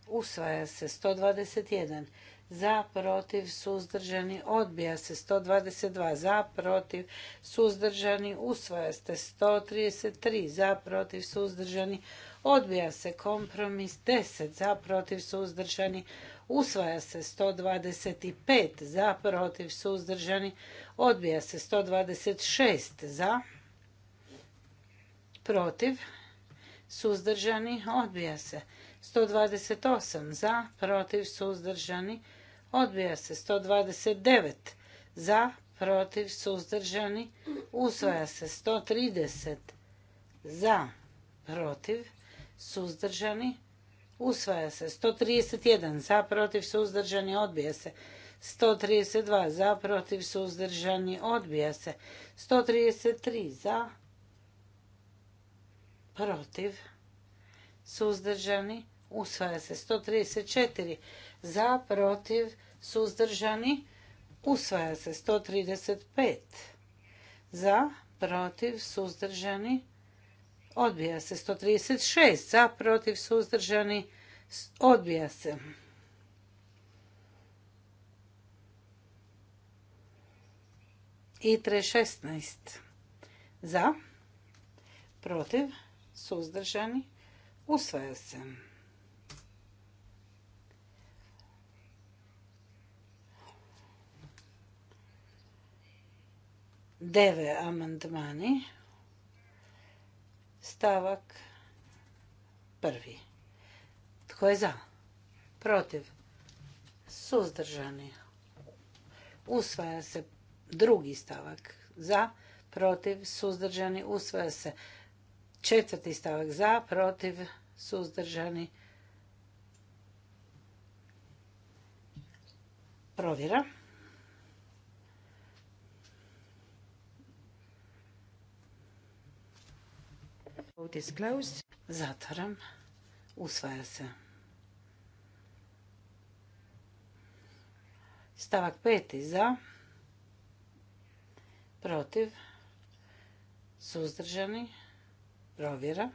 usvaja se 121 za, protiv, suzdržani, odbija se 122 za, protiv, suzdržani, usvaja se 133 za, protiv, suzdržani, odbija se kompromis 10 za, protiv, suzdržani, usvaja se 125 za, protiv, suzdržani, odbija se 126 za, protiv, suzdržani, odbija se. 128 za, protiv, suzdržani, odbija se. 129 za, protiv, suzdržani, usvaja se. 130 za, protiv, suzdržani, usvaja se. 131 za, protiv, suzdržani, odbija se. 132 za, protiv, suzdržani, odbija se. 133 za, protiv, suzdržani, usvaja se. 134 za, protiv, suzdržani, usvaja se. 135 za, protiv, suzdržani, odbija se. 136 za, protiv, suzdržani, odbija se. I 316 za, protiv, suzdržani, usvaja se. Deve amandmani, stavak prvi. Tko je za? Protiv? Suzdržani. Usvaja se drugi stavak. Za, protiv, suzdržani, usvaja se Četvrti stavak za, protiv, suzdržani. Provjera. Zatvaram. Usvaja se. Stavak peti za. Protiv. Suzdržani. Provjera.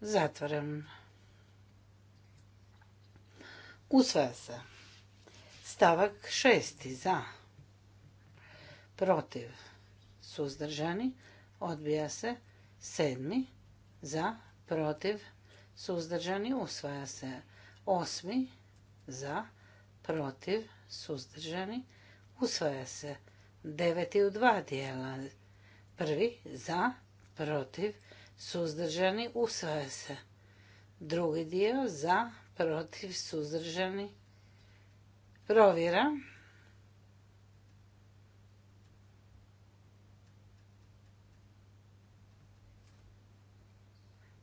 Zatvoren. Usvaja se. Stavak šesti za. Protiv. Suzdržani. Odbija se. Sedmi. Za. Protiv. Suzdržani. Usvaja se. Osmi. Za. Protiv. Suzdržani usvaja se. Deveti u dva dijela. Prvi za, protiv, suzdržani, usvaja se. Drugi dio za, protiv, suzdržani, provjera.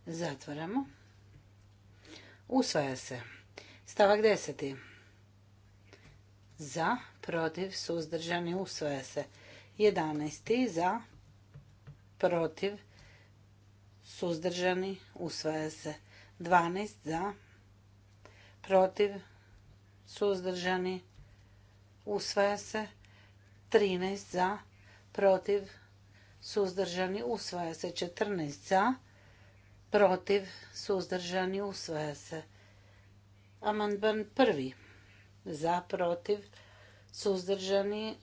Zatvaramo. Usvaja se. Stavak deseti za, protiv, suzdržani, usvaja se. 11. za, protiv, suzdržani, usvaja se. 12. za, protiv, suzdržani, usvaja se. 13. za, protiv, suzdržani, usvaja se. 14. za, protiv, suzdržani, usvaja se. Amandman prvi za, protiv, suzdržani,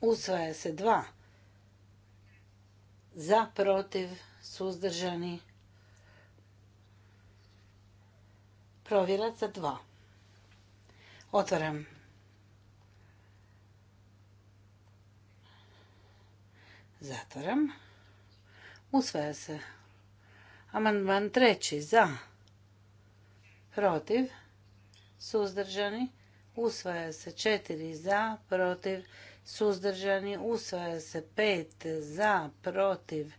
usvaja se dva. za, protiv, suzdržani, provjera za dva. Otvaram. Zatvaram. Usvaja se. Amandman treći za, protiv, suzdržani, usvaja se četiri za, protiv, suzdržani, usvaja se pet za, protiv,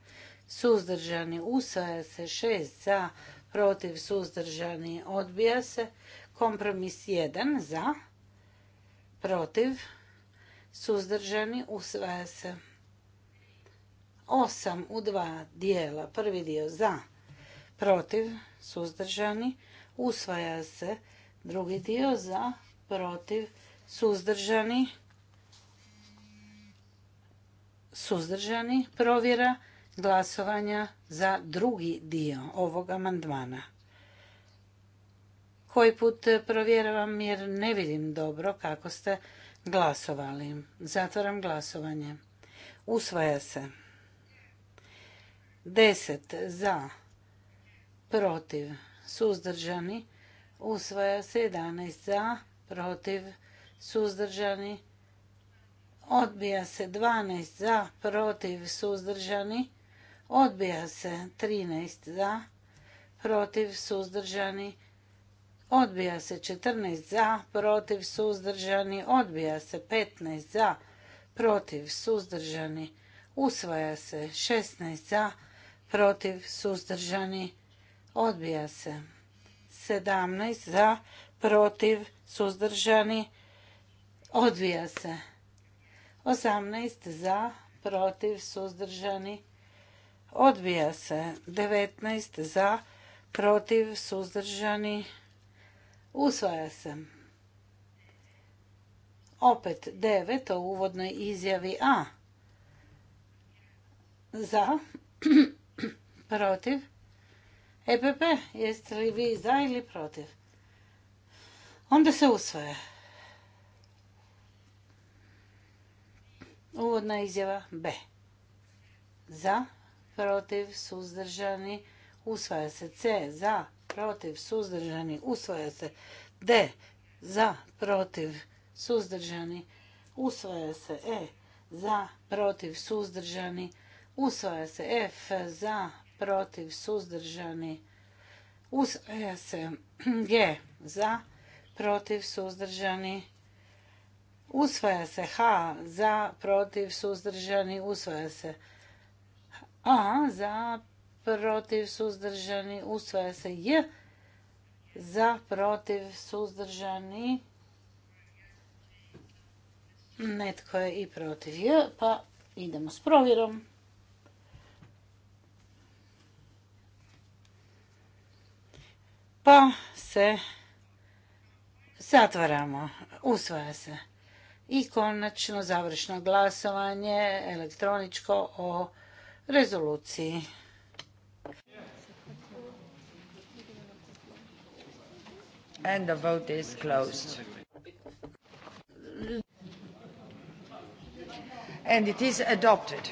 suzdržani, usvaja se šest za, protiv, suzdržani, odbija se, kompromis jedan za, protiv, suzdržani, usvaja se osam u dva dijela, prvi dio za, protiv, suzdržani, usvaja se drugi dio za, protiv, suzdržani, suzdržani, provjera glasovanja za drugi dio ovog amandmana. Koji put provjeravam jer ne vidim dobro kako ste glasovali. Zatvaram glasovanje. Usvaja se. Deset za, protiv, suzdržani. Usvaja se 11 za, protiv, suzdržani, odbija se 12 za, protiv, suzdržani, odbija se 13 za, protiv, suzdržani, odbija se 14 za, protiv, suzdržani, odbija se 15 za, protiv, suzdržani, usvaja se 16 za, protiv, suzdržani, odbija se 17 za, protiv, suzdržani, odvija se. 18 za, protiv, suzdržani, odvija se. 19 za, protiv, suzdržani, usvaja se. Opet 9 o uvodnoj izjavi A. Za, (clears throat) protiv, EPP, jeste li vi za ili protiv? Onda se usvoje. Uvodna izjava B. Za, protiv, suzdržani, usvaja se. C. Za, protiv, suzdržani, usvaja se. D. Za, protiv, suzdržani, usvaja se. E. Za, protiv, suzdržani, usvaja se. F. Za, protiv, suzdržani, usvaja se. G. Za, protiv suzdržani usvaja se H za protiv suzdržani usvaja se A za protiv suzdržani usvaja se J za protiv suzdržani netko je i protiv J pa idemo s provjerom pa se Zatvaramo. Usvaja se. I konačno završno glasovanje elektroničko o rezoluciji. And the vote is closed. And it is adopted.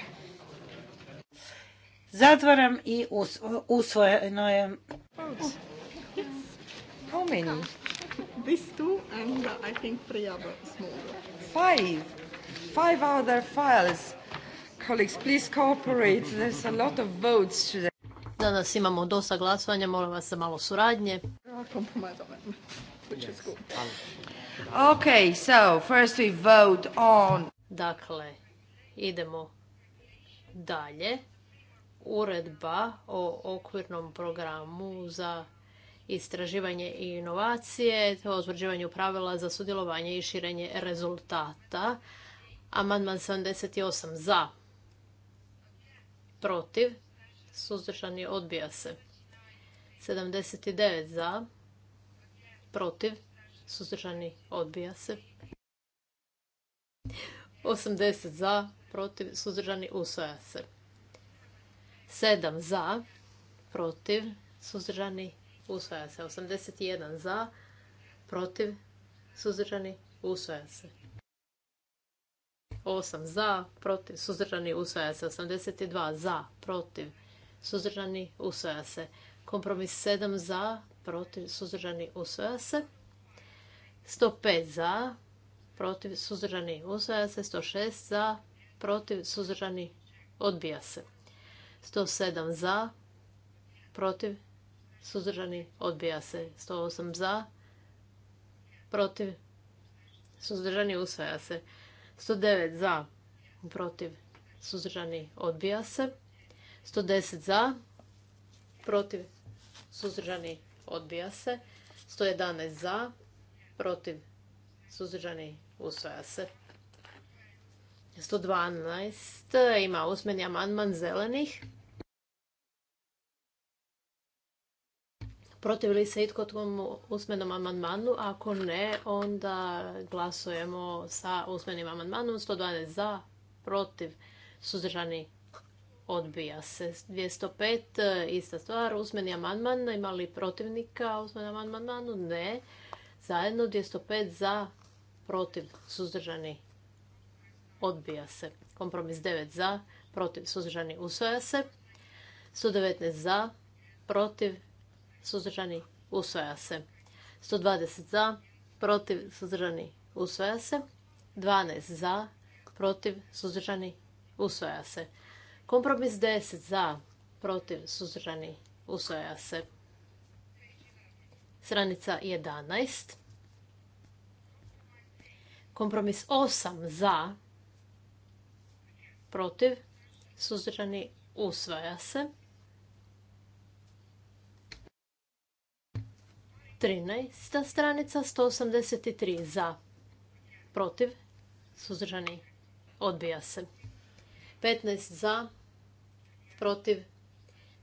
Zatvaram i usvojeno je. How many? these two and uh, I think three other small ones. Five. Five other files. Colleagues, please cooperate. There's a lot of votes today. Danas imamo dosta glasovanja, molim vas za malo suradnje. Which Okay, so first we vote on... Dakle, idemo dalje. Uredba o okvirnom programu za istraživanje i inovacije, te o pravila za sudjelovanje i širenje rezultata. Amandman 78 za, protiv, suzdržani odbija se. 79 za, protiv, suzdržani odbija se. 80 za, protiv, suzdržani usvaja se. 7 za, protiv, suzdržani usvaja se. 81 za, protiv, suzdržani, usvaja se. 8 za, protiv, suzdržani, usvaja se. 82 za, protiv, suzdržani, usvaja se. Kompromis 7 za, protiv, suzdržani, usvaja se. 105 za, protiv, suzdržani, usvaja se. 106 za, protiv, suzdržani, odbija se. 107 za, protiv, suzdržani, odbija se. 108 za, protiv, suzdržani, usvaja se. 109 za, protiv, suzdržani, odbija se. 110 za, protiv, suzdržani, odbija se. 111 za, protiv, suzdržani, usvaja se. 112 ima usmeni amandman zelenih. Protiv li se itko tom usmenom amandmanu? Ako ne, onda glasujemo sa usmenim amandmanom. 112 za, protiv, suzdržani odbija se. 205, ista stvar, usmeni amandman. Ima li protivnika usmenom amandmanu? Ne. Zajedno 205 za, protiv, suzdržani odbija se. Kompromis 9 za, protiv, suzdržani usvaja se. 119 za, protiv, suzdržani, usvaja se. 120 za, protiv, suzdržani, usvaja se. 12 za, protiv, suzdržani, usvaja se. Kompromis 10 za, protiv, suzdržani, usvaja se. Sranica 11. Kompromis 8 za, protiv, suzdržani, usvaja se. 13. stranica 183 za, protiv, suzdržani, odbija se. 15 za, protiv,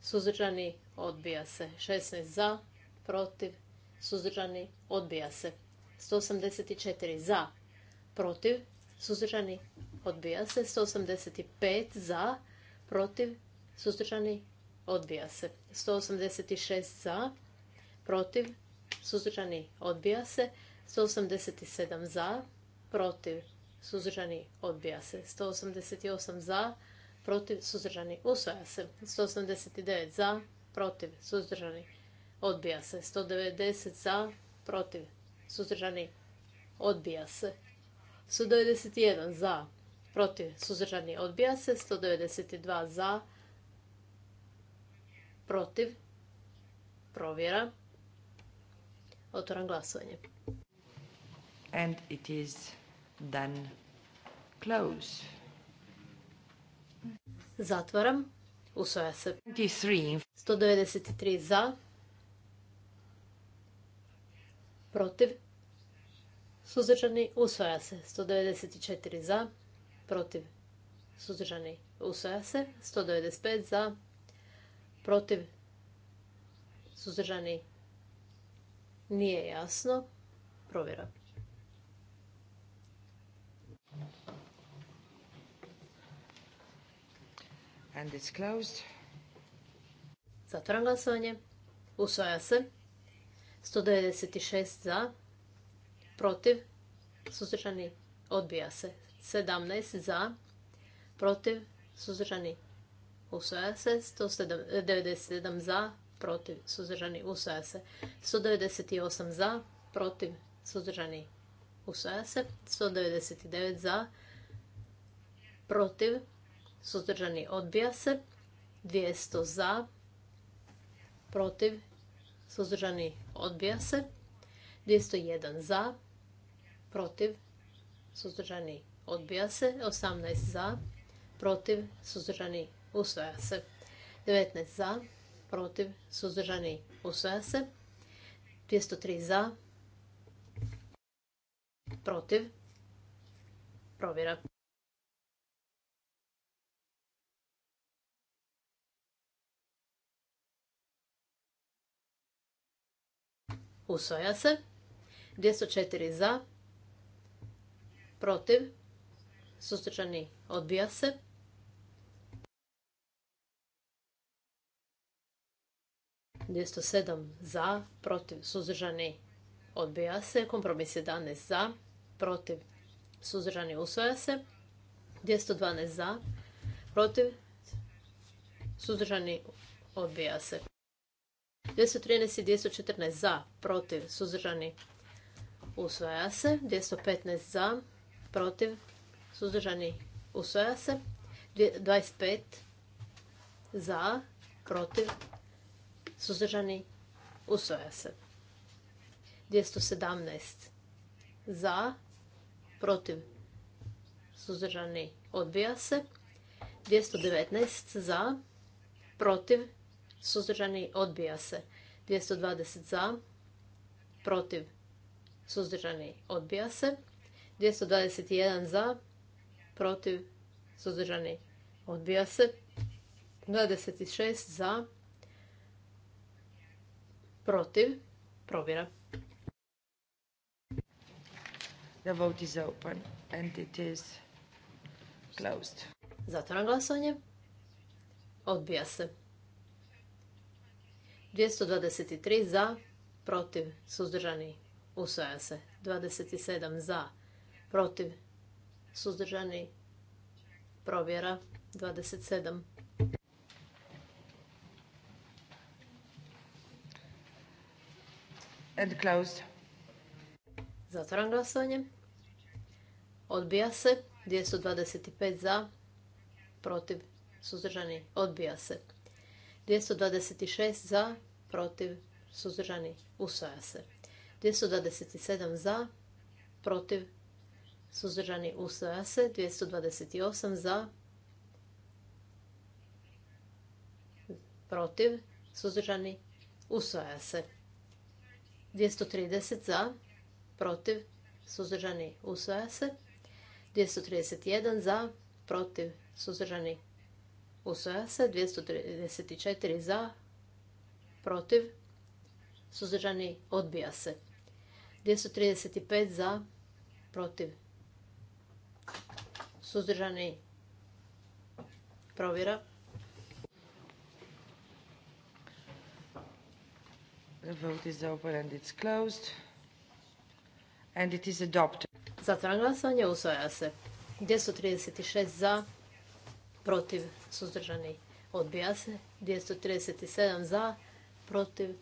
suzdržani, odbija se. 16 za, protiv, suzdržani, odbija se. 184 za, protiv, suzdržani, odbija se. 185 za, protiv, suzdržani, odbija se. 186 za, protiv, suzdržani, odbija se. 187 za, protiv, suzdržani, odbija se. 188 za, protiv, suzdržani, usvaja se. 189 za, protiv, suzdržani, odbija se. 190 za, protiv, suzdržani, odbija se. 191 za, protiv, suzdržani, odbija se. 192 za, protiv, provjera. Otvoram glasovanje. And it is then close. Zatvaram. Usvaja se. 193 za. Protiv. Suzdržani. Usvaja se. 194 za. Protiv. Suzdržani. Usvaja se. 195 za. Protiv. Suzdržani. Nije jasno. Provjera. And it's closed. Zatvoram glasovanje. Usvaja se. 196 za. Protiv. Suzdržani. Odbija se. 17 za. Protiv. Suzdržani. Usvaja se. 197 za protiv, suzdržani, usvaja se. 198 za, protiv, suzdržani, usvaja se. 199 za, protiv, suzdržani, odbija se. 200 za, protiv, suzdržani, odbija se. 201 za, protiv, suzdržani, odbija se. 18 za, protiv, suzdržani, usvaja se. 19 za, protiv, suzdržani, usvaja se. 203 za, protiv, provjera. Usvaja se. 204 za, protiv, suzdržani, odbija se. 207 za, protiv, suzdržani, odbija se. Kompromis 11 za, protiv, suzdržani, usvaja se. 212 za, protiv, suzdržani, odbija se. 213 i 214 za, protiv, suzdržani, usvaja se. 215 za, protiv, suzdržani, usvaja se. 25 za, protiv, suzdržani, usvoja se. 217 za, protiv, suzdržani, odbija se. 219 za, protiv, suzdržani, odbija se. 220 za, protiv, suzdržani, odbija se. 221 za, protiv, suzdržani, odbija se. 26 za, Protiv? Provjera. The vote is open and it is closed. Zatvoram glasovanje. Odbija se. 223 za, protiv, suzdržani, usvaja se. 27 za, protiv, suzdržani, provjera. 27 and closed. Zatvoram glasovanje. Odbija se. 225 za, protiv, suzdržani. Odbija se. 226 za, protiv, suzdržani. Usvaja se. 227 za, protiv, suzdržani. Usvaja se. 228 za, protiv, suzdržani. Usvaja se. 230 za, protiv, suzdržani, usvaja se. 231 za, protiv, suzdržani, usvaja se. 234 za, protiv, suzdržani, odbija se. 235 za, protiv, suzdržani, provjera. The vote is open and it's closed. And it is adopted. Zatvaram glasovanje, usvaja se. 236 za, protiv, suzdržani, odbija se. 237 za, protiv,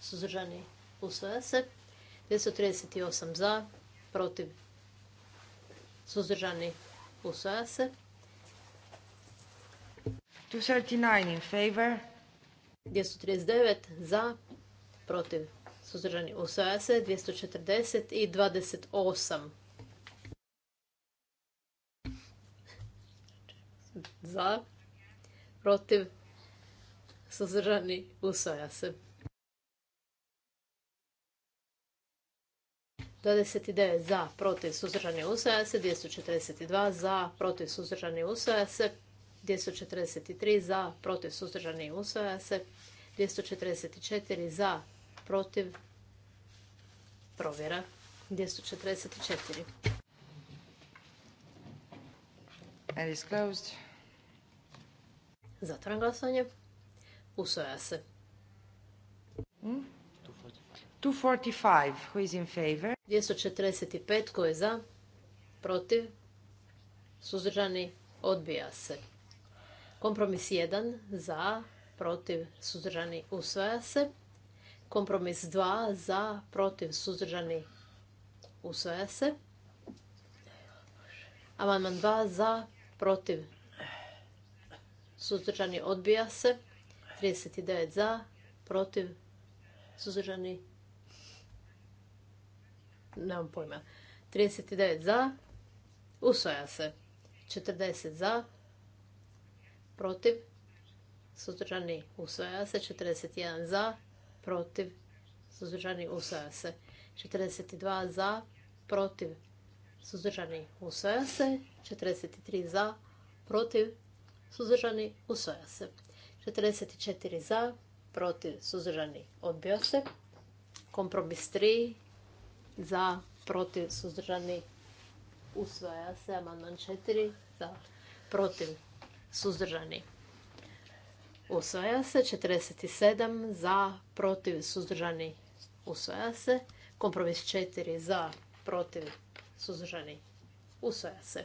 suzdržani, usvaja se. 238 za, protiv, suzdržani, usvaja se. 239 in favor. 239 za, protiv, suzdržani, usvaja se. 240 i 28 za, protiv, suzdržani, usvaja se. 29 za, protiv, suzdržani, usvaja se. 242 za, protiv, suzdržani, usvaja se. 243 za, protiv, suzdržani, usvaja se. 244 za, protiv, provjera 244. And is closed. Zatvoram glasovanje. Usvoja se. 245. Hmm? Who is in favor? 245. Ko je za? Protiv? Suzdržani? Odbija se. Kompromis 1. Za? Protiv? Suzdržani? Usvaja se. Kompromis 2 za, protiv, suzdržani, usvoja se. Amandman 2 za, protiv, suzdržani, odbija se. 39 za, protiv, suzdržani, nemam pojma. 39 za, usvaja se. 40 za, protiv, suzdržani, usvoja se. 41 za, protiv, suzdržani, usvaja se. 42 za, protiv, suzdržani, usvaja se. 43 za, protiv, suzdržani, usvaja se. 44 za, protiv, suzdržani, odbija se. Kompromis 3 za, protiv, suzdržani, usvaja se. Amandman 4 za, protiv, suzdržani, usvaja se. 47 za, protiv, suzdržani, usvaja se. Kompromis 4 za, protiv, suzdržani, usvaja se.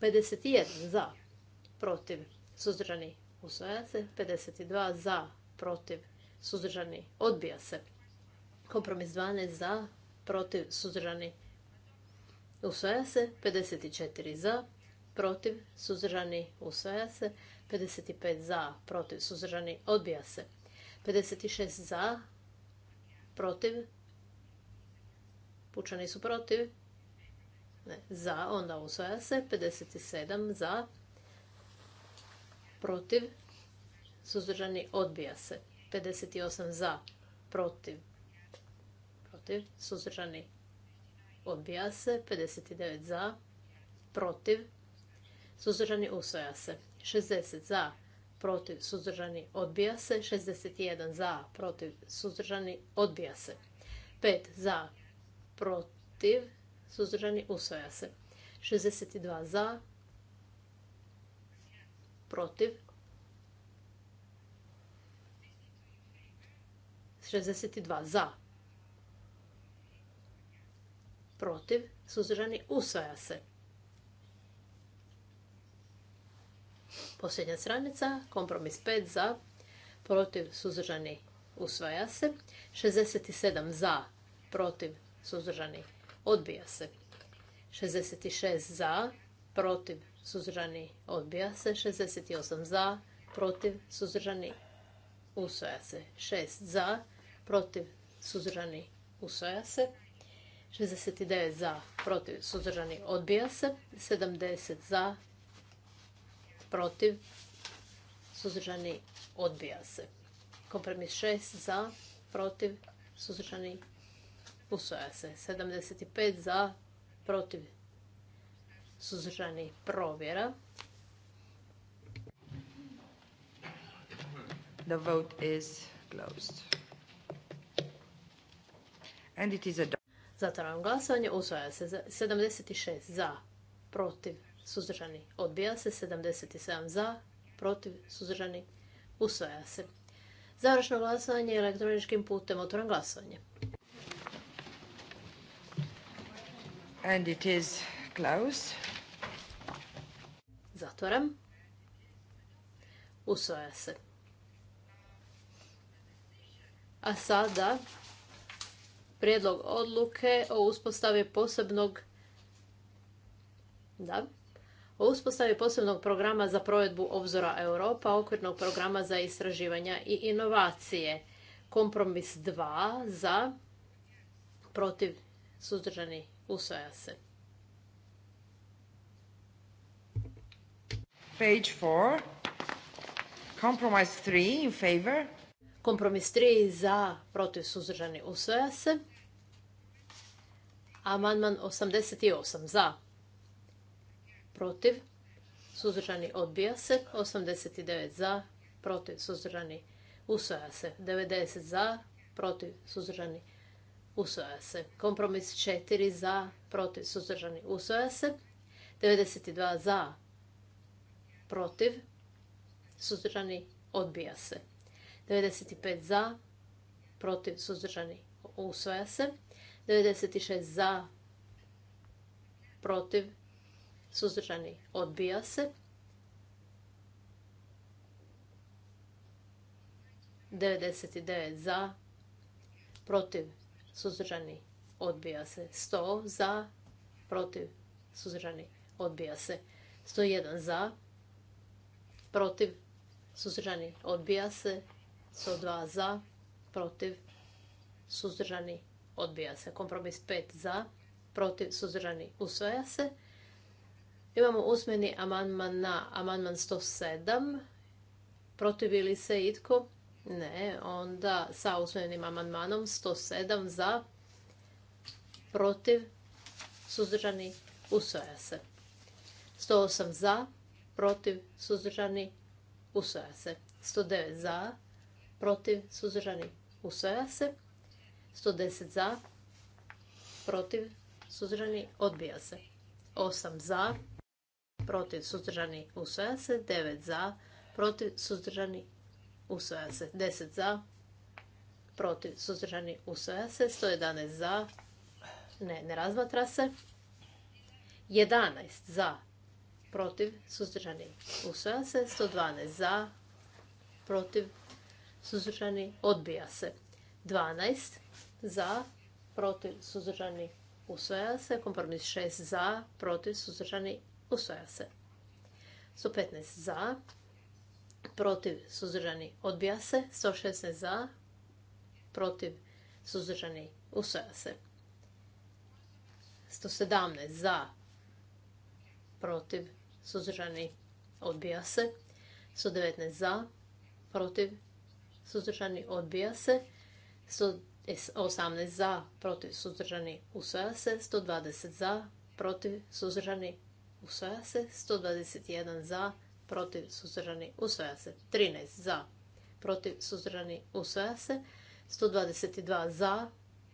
51 za, protiv, suzdržani, usvaja se. 52 za, protiv, suzdržani, odbija se. Kompromis 12 za, protiv, suzdržani, usvaja se. 54 za, protiv, suzdržani, usvaja se. 55 za, protiv, suzdržani, odbija se. 56 za, protiv, pučani su protiv, ne, za, onda usvaja se. 57 za, protiv, suzdržani, odbija se. 58 za, protiv, protiv, suzdržani, odbija se. 59 za, protiv, suzdržani usvaja se. 60 za, protiv, suzdržani odbija se. 61 za, protiv, suzdržani odbija se. 5 za, protiv, suzdržani usvaja se. 62 za, protiv, 62 za, protiv, suzdržani usvaja se. Posljednja stranica, kompromis 5 za, protiv, suzdržani, usvaja se. 67 za, protiv, suzdržani, odbija se. 66 za, protiv, suzdržani, odbija se. 68 za, protiv, suzdržani, usvaja se. 6 za, protiv, suzdržani, usvaja se. 69 za, protiv, suzdržani, odbija se. 70 za, protiv, suzdržani, odbija se. Kompromis 6 za, protiv, suzdržani, usvaja se. 75 za, protiv, suzdržani, provjera. The vote is closed. And it is a... Zatvaram glasovanje. Usvaja se 76 za, protiv, suzdržani, odbija se. 77 za, protiv, suzdržani, usvaja se. Završno glasovanje elektroničkim putem. Otvoram glasovanje. And it is closed. Usvaja se. A sada prijedlog odluke o uspostavi posebnog da, o uspostavi posebnog programa za provedbu obzora Europa, okvirnog programa za istraživanja i inovacije. Kompromis 2 za, protiv, suzdržani, usvaja se. Page 4, compromise 3 in favor. Kompromis 3 za, protiv, suzdržani, usvaja se. Amandman 88 za, protiv, suzdržani odbija se, 89 za, protiv, suzdržani usvaja se, 90 za, protiv, suzdržani usvaja se, kompromis 4 za, protiv, suzdržani usvaja se, 92 za, protiv, suzdržani odbija se, 95 za, protiv, suzdržani usvaja se, 96 za, protiv, suzdržani, odbija se. 99 za, protiv, suzdržani, odbija se. 100 za, protiv, suzdržani, odbija se. 101 za, protiv, suzdržani, odbija se. 102 za, protiv, suzdržani, odbija se. Kompromis 5 za, protiv, suzdržani, usvaja se. Imamo usmeni amandman na amandman 107. Protivili se itko? Ne. Onda sa usmenim amandmanom 107 za, protiv, suzdržani, usvaja se. 108 za, protiv, suzdržani, usvaja se. 109 za, protiv, suzdržani, usvaja se. 110 za, protiv, suzdržani, odbija se. 8 za, protiv, suzdržani, usvaja se. 9 za, protiv, suzdržani, usvaja se. 10 za, protiv, suzdržani, usvaja se. 111 za, ne, ne razmatra se. 11 za, protiv, suzdržani, usvaja se. 112 za, protiv, suzdržani, odbija se. 12 za, protiv, suzdržani, usvaja se. Kompromis 6 za, protiv, suzdržani, Usvaja se. 15 za. Protiv suzdržani odbija se. 16 za. Protiv suzdržani usvaja se. 117 za. Protiv suzdržani odbija se. 119 za. Protiv suzdržani odbija se. 18 e, za. Protiv suzdržani usvaja se. 120 za. Protiv suzdržani usvaja se. 121 za, protiv, suzdržani, usvaja se. 13 za, protiv, suzdržani, usvaja se. 122 za,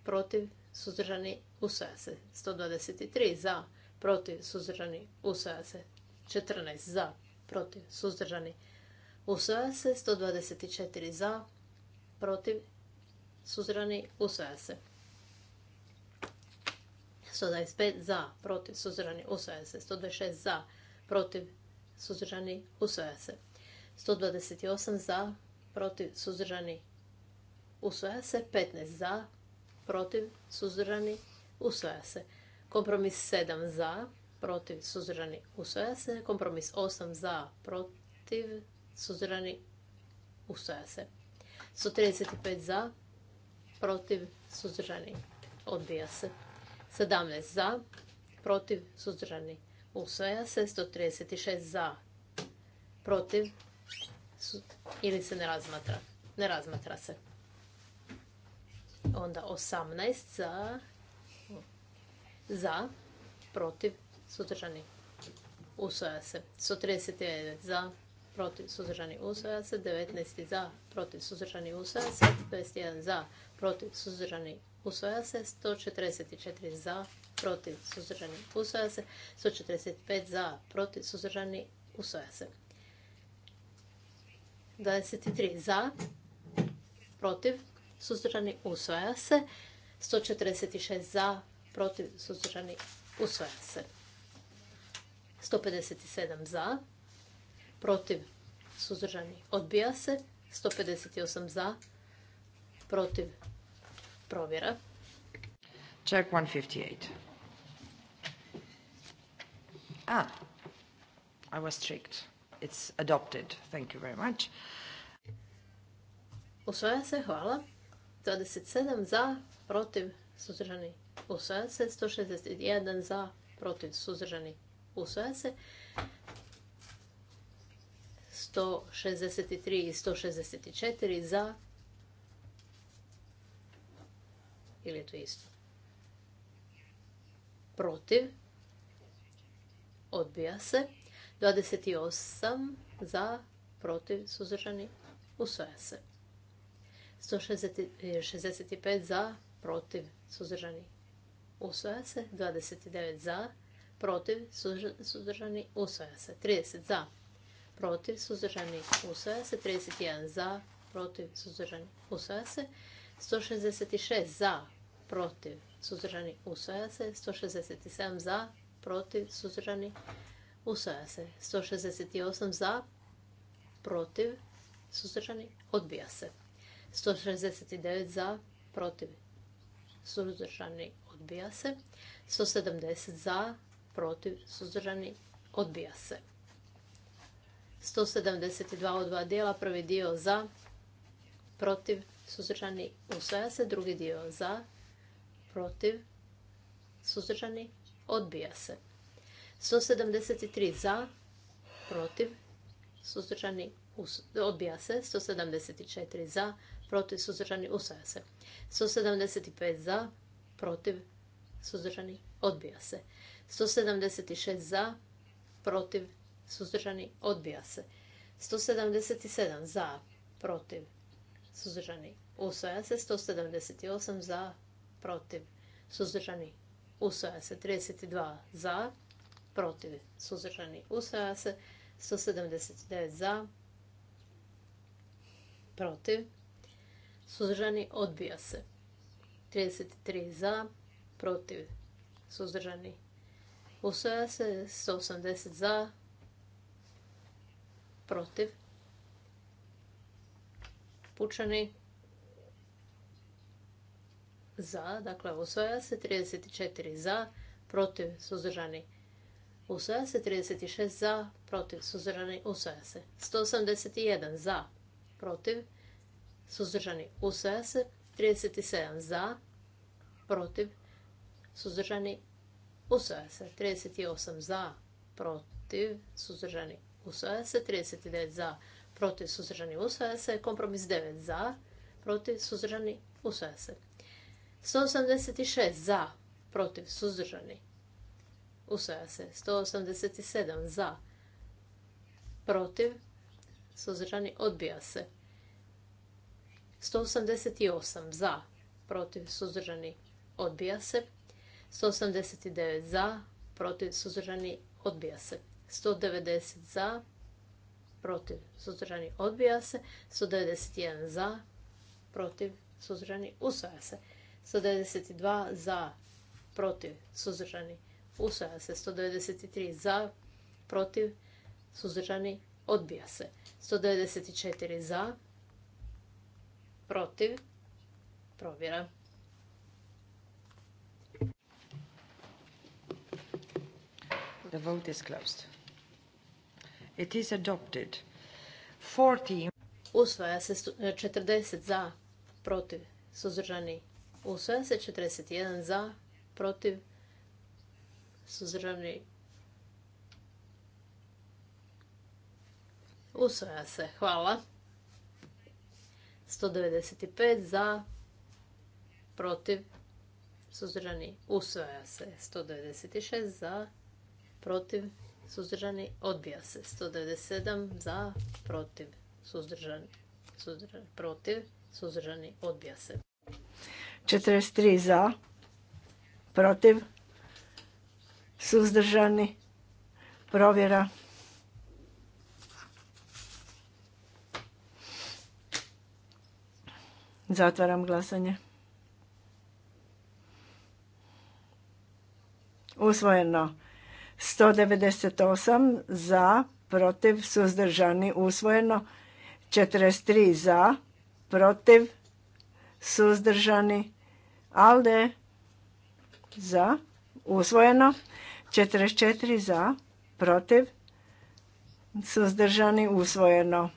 protiv, suzdržani, usvaja se. 123 za, protiv, suzdržani, usvaja se. 14 za, protiv, suzdržani, usvaja se. 124 za, protiv, suzdržani, usvaja se. 125 za, protiv, suzdržani, usvaja se. 126 za, protiv, suzdržani, usvaja se. 128 za, protiv, suzdržani, usvaja se. 15 za, protiv, suzdržani, usvaja se. Kompromis 7 za, protiv, suzdržani, usvaja se. Kompromis 8 za, protiv, suzdržani, usvaja se. 135 za, protiv, suzdržani, odbija se. 17 za, protiv, suzdržani, usvaja se. 136 za, protiv, ili se ne razmatra. Ne razmatra se. Onda 18 za, za, protiv, suzdržani, usvaja se. 131 za, protiv, suzdržani, usvaja se. 19 za, protiv, suzdržani, usvaja se. 21 za, protiv, suzdržani, usvaja se, 144 za, protiv, suzdržani, usvaja se, 145 za, protiv, suzdržani, usvaja se. 23 za, protiv, suzdržani, usvaja se, 146 za, protiv, suzdržani, usvaja se. 157 za, protiv, suzdržani, odbija se, 158 za, protiv, Provjera. Check 158. Ah, I was tricked. It's adopted. Thank you very much. Usvaja se, hvala. 27 za, protiv, suzdržani. Usvaja se, 161 za, protiv, suzdržani. Usvaja se. 163 i 164 za, ili je to isto? Protiv. Odbija se. 28 za, protiv, suzdržani, usvoja se. 165 za, protiv, suzdržani, usvoja se. 29 za, protiv, suzdržani, usvaja se. 30 za, protiv, suzdržani, usvoja se. 31 za, protiv, suzdržani, usvaja se. 166 za, protiv, suzdržani, usvaja se. 167 za, protiv, suzdržani, usvaja se. 168 za, protiv, suzdržani, odbija se. 169 za, protiv, suzdržani, odbija se. 170 za, protiv, suzdržani, odbija se. 172 od dva dijela, prvi dio za, protiv, suzdržani, usvaja se, drugi dio za, protiv, suzdržani, odbija se. 173 za, protiv, suzdržani, odbija se. 174 za, protiv, suzdržani, usvaja se. 175 za, protiv, suzdržani, odbija se. 176 za, protiv, suzdržani, odbija se. 177 za, protiv, suzdržani, usvaja se. 178 za, protiv, suzdržani, usvaja se. 32 za, protiv, suzdržani, usvaja se. 179 za, protiv, suzdržani, odbija se. 33 za, protiv, suzdržani, usvaja se. 180 za, protiv, pučani, za, dakle usvaja se 34 za, protiv suzdržani. Usvaja se 36 za, protiv suzdržani, usvaja se. 181 za, protiv suzdržani, usvaja se. 37 za, protiv suzdržani, usvaja se. 38 za, protiv suzdržani, usvaja se. 39 za, protiv suzdržani, usvaja se. Kompromis 9 za, protiv suzdržani, usvaja se. 186 za, protiv, suzdržani. Usvaja se. 187 za, protiv, suzdržani, odbija se. 188 za, protiv, suzdržani, odbija se. 189 za, protiv, suzdržani, odbija se. 190 za, protiv, suzdržani, odbija se. 191 za, protiv, suzdržani, usvaja se. 192 za, protiv, suzdržani, usvaja se. 193 za, protiv, suzdržani, odbija se. 194 za, protiv, provjera. The vote is closed. It is adopted. 40. Usvaja se 40 za, protiv, suzdržani, Usvaja se 41 za, protiv, suzdržani. Usvaja se, hvala. 195 za, protiv, suzdržani. Usvaja se 196 za, protiv, suzdržani. Odbija se 197 za, protiv, suzdržani. Suzdržani, protiv, suzdržani. Odbija se. 43 za, protiv, suzdržani, provjera. Zatvaram glasanje. Usvojeno. 198 za, protiv, suzdržani, usvojeno. 43 za, protiv, suzdržani, Alde za, usvojeno, 44 za, protiv, suzdržani, usvojeno.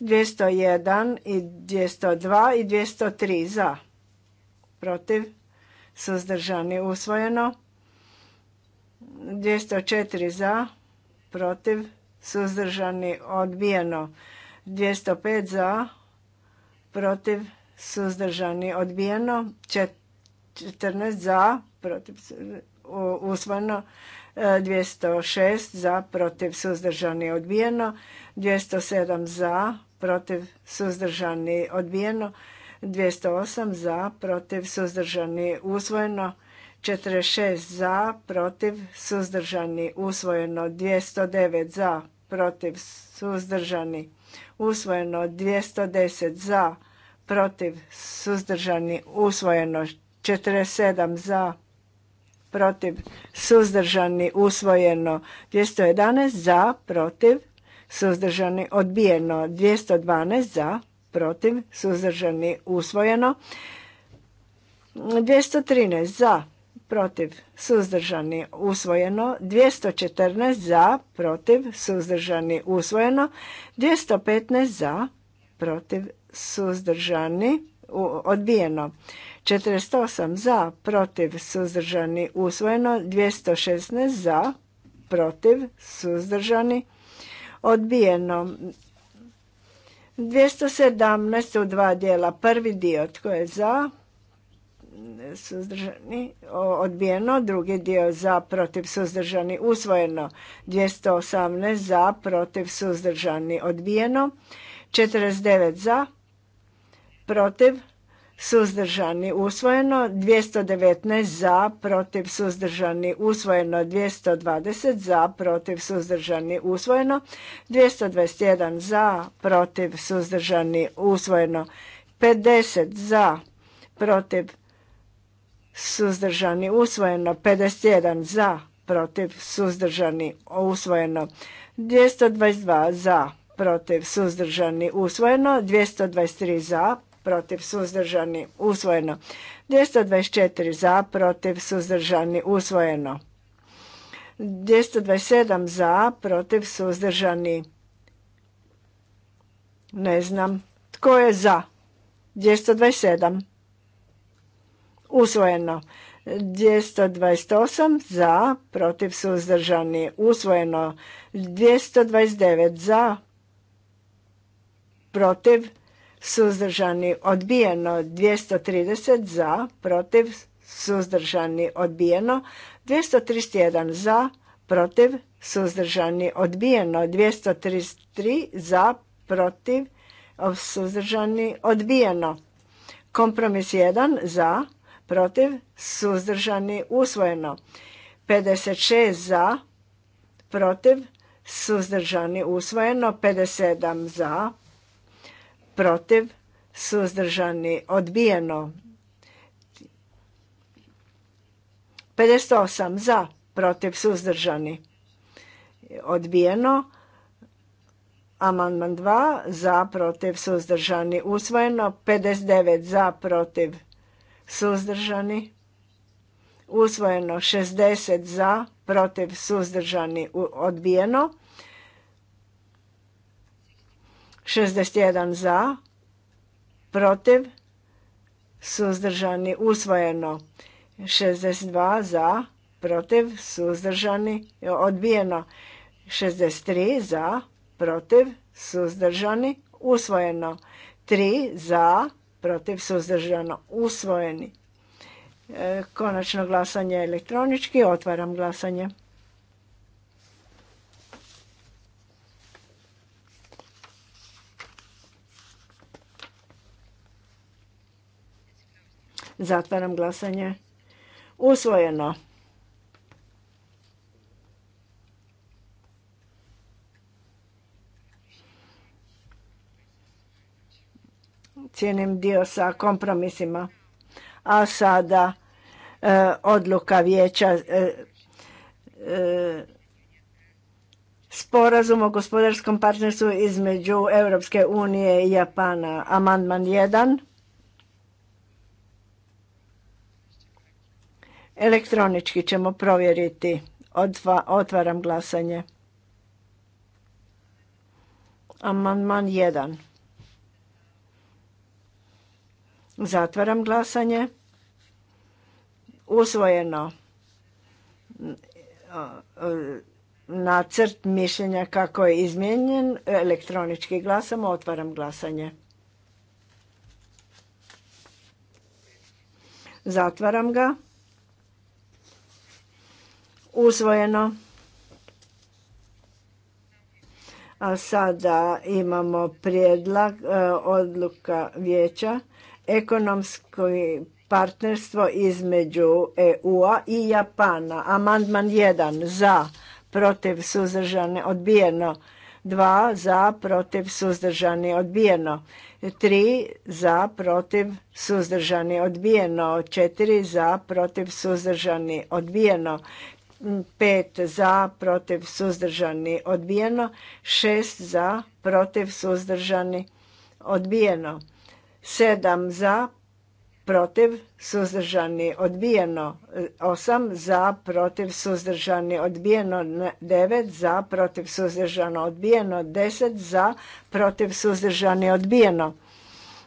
201 i 202 i 203 za, protiv, suzdržani, usvojeno. 204 za, protiv, suzdržani, odbijeno. 205 za, protiv, suzdržani odbijeno 14 za protiv usvojeno 206 e, za protiv suzdržani odbijeno 207 za protiv suzdržani odbijeno 208 za protiv suzdržani usvojeno 46 za protiv suzdržani usvojeno 209 za protiv suzdržani usvojeno 210 za protiv, suzdržani, usvojeno. 47 za, protiv, suzdržani, usvojeno. 211 za, protiv, suzdržani, odbijeno. 212 za, protiv, suzdržani, usvojeno. 213 za, protiv, suzdržani, usvojeno. 214 za, protiv, suzdržani, usvojeno. 215 za, protiv, suzdržani, odbijeno. 48 za, protiv, suzdržani, usvojeno. 216 za, protiv, suzdržani, odbijeno. 217 u dva dijela. Prvi dio tko je za, suzdržani, odbijeno. Drugi dio za, protiv, suzdržani, usvojeno. 218 za, protiv, suzdržani, odbijeno. 49 za, protiv, suzdržani, usvojeno. 219 za, protiv, suzdržani, usvojeno. 220 za, protiv, suzdržani, usvojeno. 221 za, protiv, suzdržani, usvojeno. 50 za, protiv, suzdržani, usvojeno. 51 za, protiv, suzdržani, usvojeno. 222 za, protiv, suzdržani, usvojeno. 223 za, protiv suzdržani usvojeno. 224 za protiv suzdržani usvojeno. 227 za protiv suzdržani ne znam. Tko je za? 227. Usvojeno. 228 za, protiv suzdržani. Usvojeno. 229 za, protiv suzdržani odbijeno 230 za protiv suzdržani odbijeno 231 za protiv suzdržani odbijeno 233 za protiv suzdržani odbijeno kompromis 1 za protiv suzdržani usvojeno 56 za protiv suzdržani usvojeno 57 za protiv, suzdržani, odbijeno. 58 za, protiv, suzdržani, odbijeno. Amandman 2 za, protiv, suzdržani, usvojeno. 59 za, protiv, suzdržani, usvojeno. 60 za, protiv, suzdržani, odbijeno. 61 za, protiv, suzdržani, usvojeno. 62 za, protiv, suzdržani, odbijeno. 63 za, protiv, suzdržani, usvojeno. 3 za, protiv, suzdržano, usvojeni. E, konačno glasanje elektronički, otvaram glasanje. Zatvaram glasanje. Usvojeno. Cijenim dio sa kompromisima. A sada e, odluka vijeća e, e, sporazum o gospodarskom partnerstvu između Europske unije i Japana. Amandman 1. Elektronički ćemo provjeriti. otvaram glasanje. Amandman 1. Zatvaram glasanje. Usvojeno nacrt mišljenja kako je izmijenjen. Elektronički glasamo. Otvaram glasanje. Zatvaram ga usvojeno. A sada imamo prijedlog e, odluka vijeća ekonomsko partnerstvo između EU-a i Japana. Amandman 1 za, protiv suzdržane odbijeno. 2 za, protiv suzdržani odbijeno. 3 za, protiv suzdržani odbijeno. 4 za, protiv suzdržani odbijeno. 5 za, protiv, suzdržani, odbijeno. 6 za, protiv, suzdržani, odbijeno. 7 za, protiv, suzdržani, odbijeno. 8 za, protiv, suzdržani, odbijeno. 9 za, protiv, suzdržano, odbijeno. 10 za, protiv, suzdržani, odbijeno.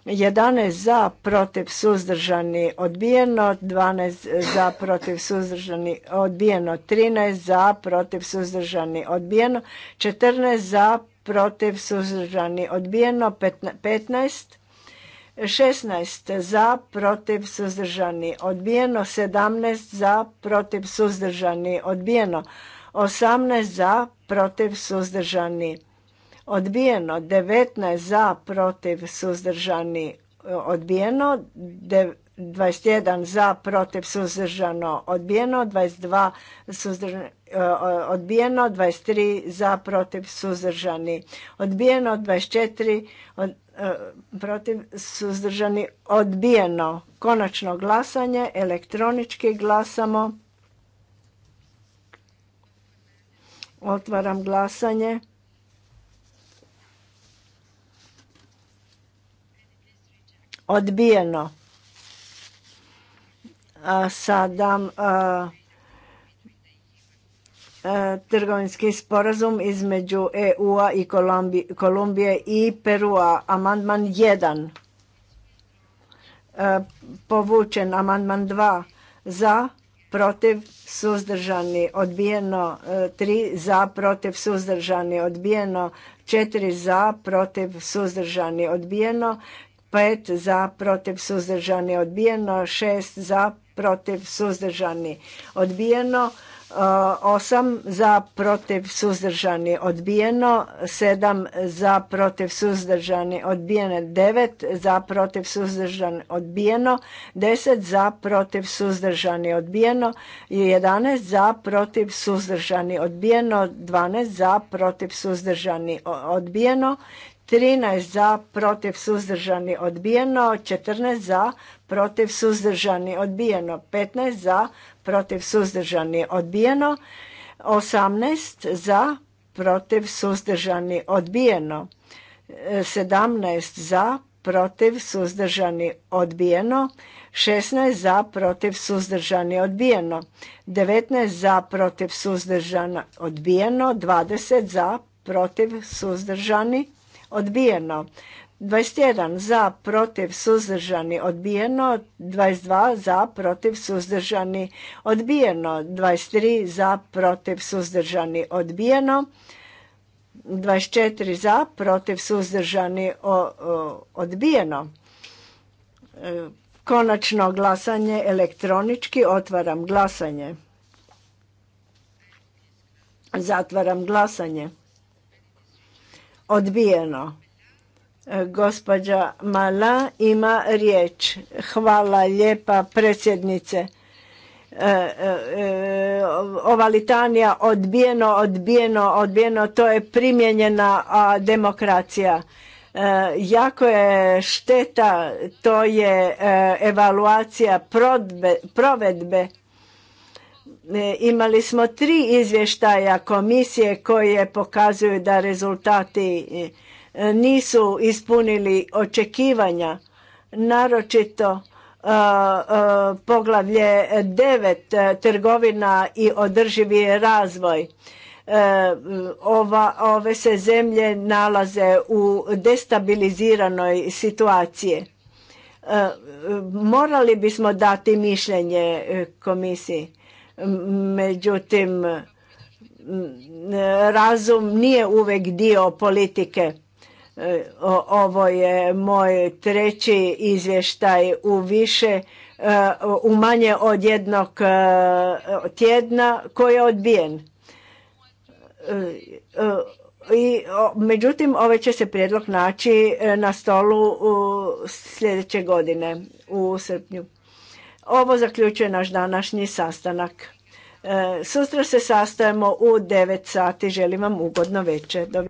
11 za, protiv, suzdržani, odbijeno. 12 za, protiv, suzdržani, odbijeno. 13 za, protiv, suzdržani, odbijeno. 14 za, protiv, suzdržani, odbijeno. 15 16 za, protiv, suzdržani, odbijeno. 17 za, protiv, suzdržani, odbijeno. 18 za, protiv, suzdržani, odbijeno 19 za protiv suzdržani odbijeno 21 za protiv suzdržano odbijeno 22 suzdržani e, odbijeno 23 za protiv suzdržani odbijeno 24 e, protiv suzdržani odbijeno konačno glasanje elektronički glasamo otvaram glasanje odbijeno. A sada e, e, trgovinski sporazum između EU-a i Kolumbije i Perua. Amandman 1. E, povučen amandman 2 za, protiv, suzdržani, odbijeno 3 za, protiv, suzdržani, odbijeno 4 za, protiv, suzdržani, odbijeno 5 za, protiv, suzdržani, odbijeno. 6 za, protiv, suzdržani, odbijeno. 8 e, za, protiv, suzdržani, odbijeno. 7 za, protiv, suzdržani, odbijeno. 9 za, protiv, suzdržani, odbijeno. 10 za, protiv, suzdržani, odbijeno. 11 za, protiv, suzdržani, odbijeno. 12 za, protiv, suzdržani, odbijeno. 13 za, protiv suzdržani odbijeno, 14 za, protiv suzdržani odbijeno, 15 za, protiv suzdržani odbijeno, 18 za, protiv suzdržani odbijeno, 17 za, protiv suzdržani odbijeno, 16 za, protiv suzdržani odbijeno, 19 za, protiv suzdržana odbijeno, 20 za, protiv suzdržani odbijeno. 21 za, protiv, suzdržani, odbijeno. 22 za, protiv, suzdržani, odbijeno. 23 za, protiv, suzdržani, odbijeno. 24 za, protiv, suzdržani, odbijeno. E, konačno glasanje elektronički. Otvaram glasanje. Zatvaram glasanje odbijeno. E, gospođa Mala ima riječ. Hvala lijepa predsjednice. E, e, e ova litanija odbijeno, odbijeno, odbijeno, to je primjenjena demokracija. jako je šteta, to je evaluacija provedbe E, imali smo tri izvještaja komisije koje pokazuju da rezultati e, nisu ispunili očekivanja, naročito e, poglavlje 9 trgovina i održivi razvoj. ove se zemlje nalaze u destabiliziranoj situaciji. Morali bismo dati mišljenje komisiji. Međutim, razum nije uvek dio politike. Ovo je moj treći izvještaj u više e, u manje od jednog e, tjedna koji je odbijen. E, I, međutim, ovaj će se prijedlog naći na stolu sljedeće godine u srpnju. Ovo zaključuje naš današnji sastanak. E, sutra se sastajemo u 9 sati. Želim vam ugodno večer.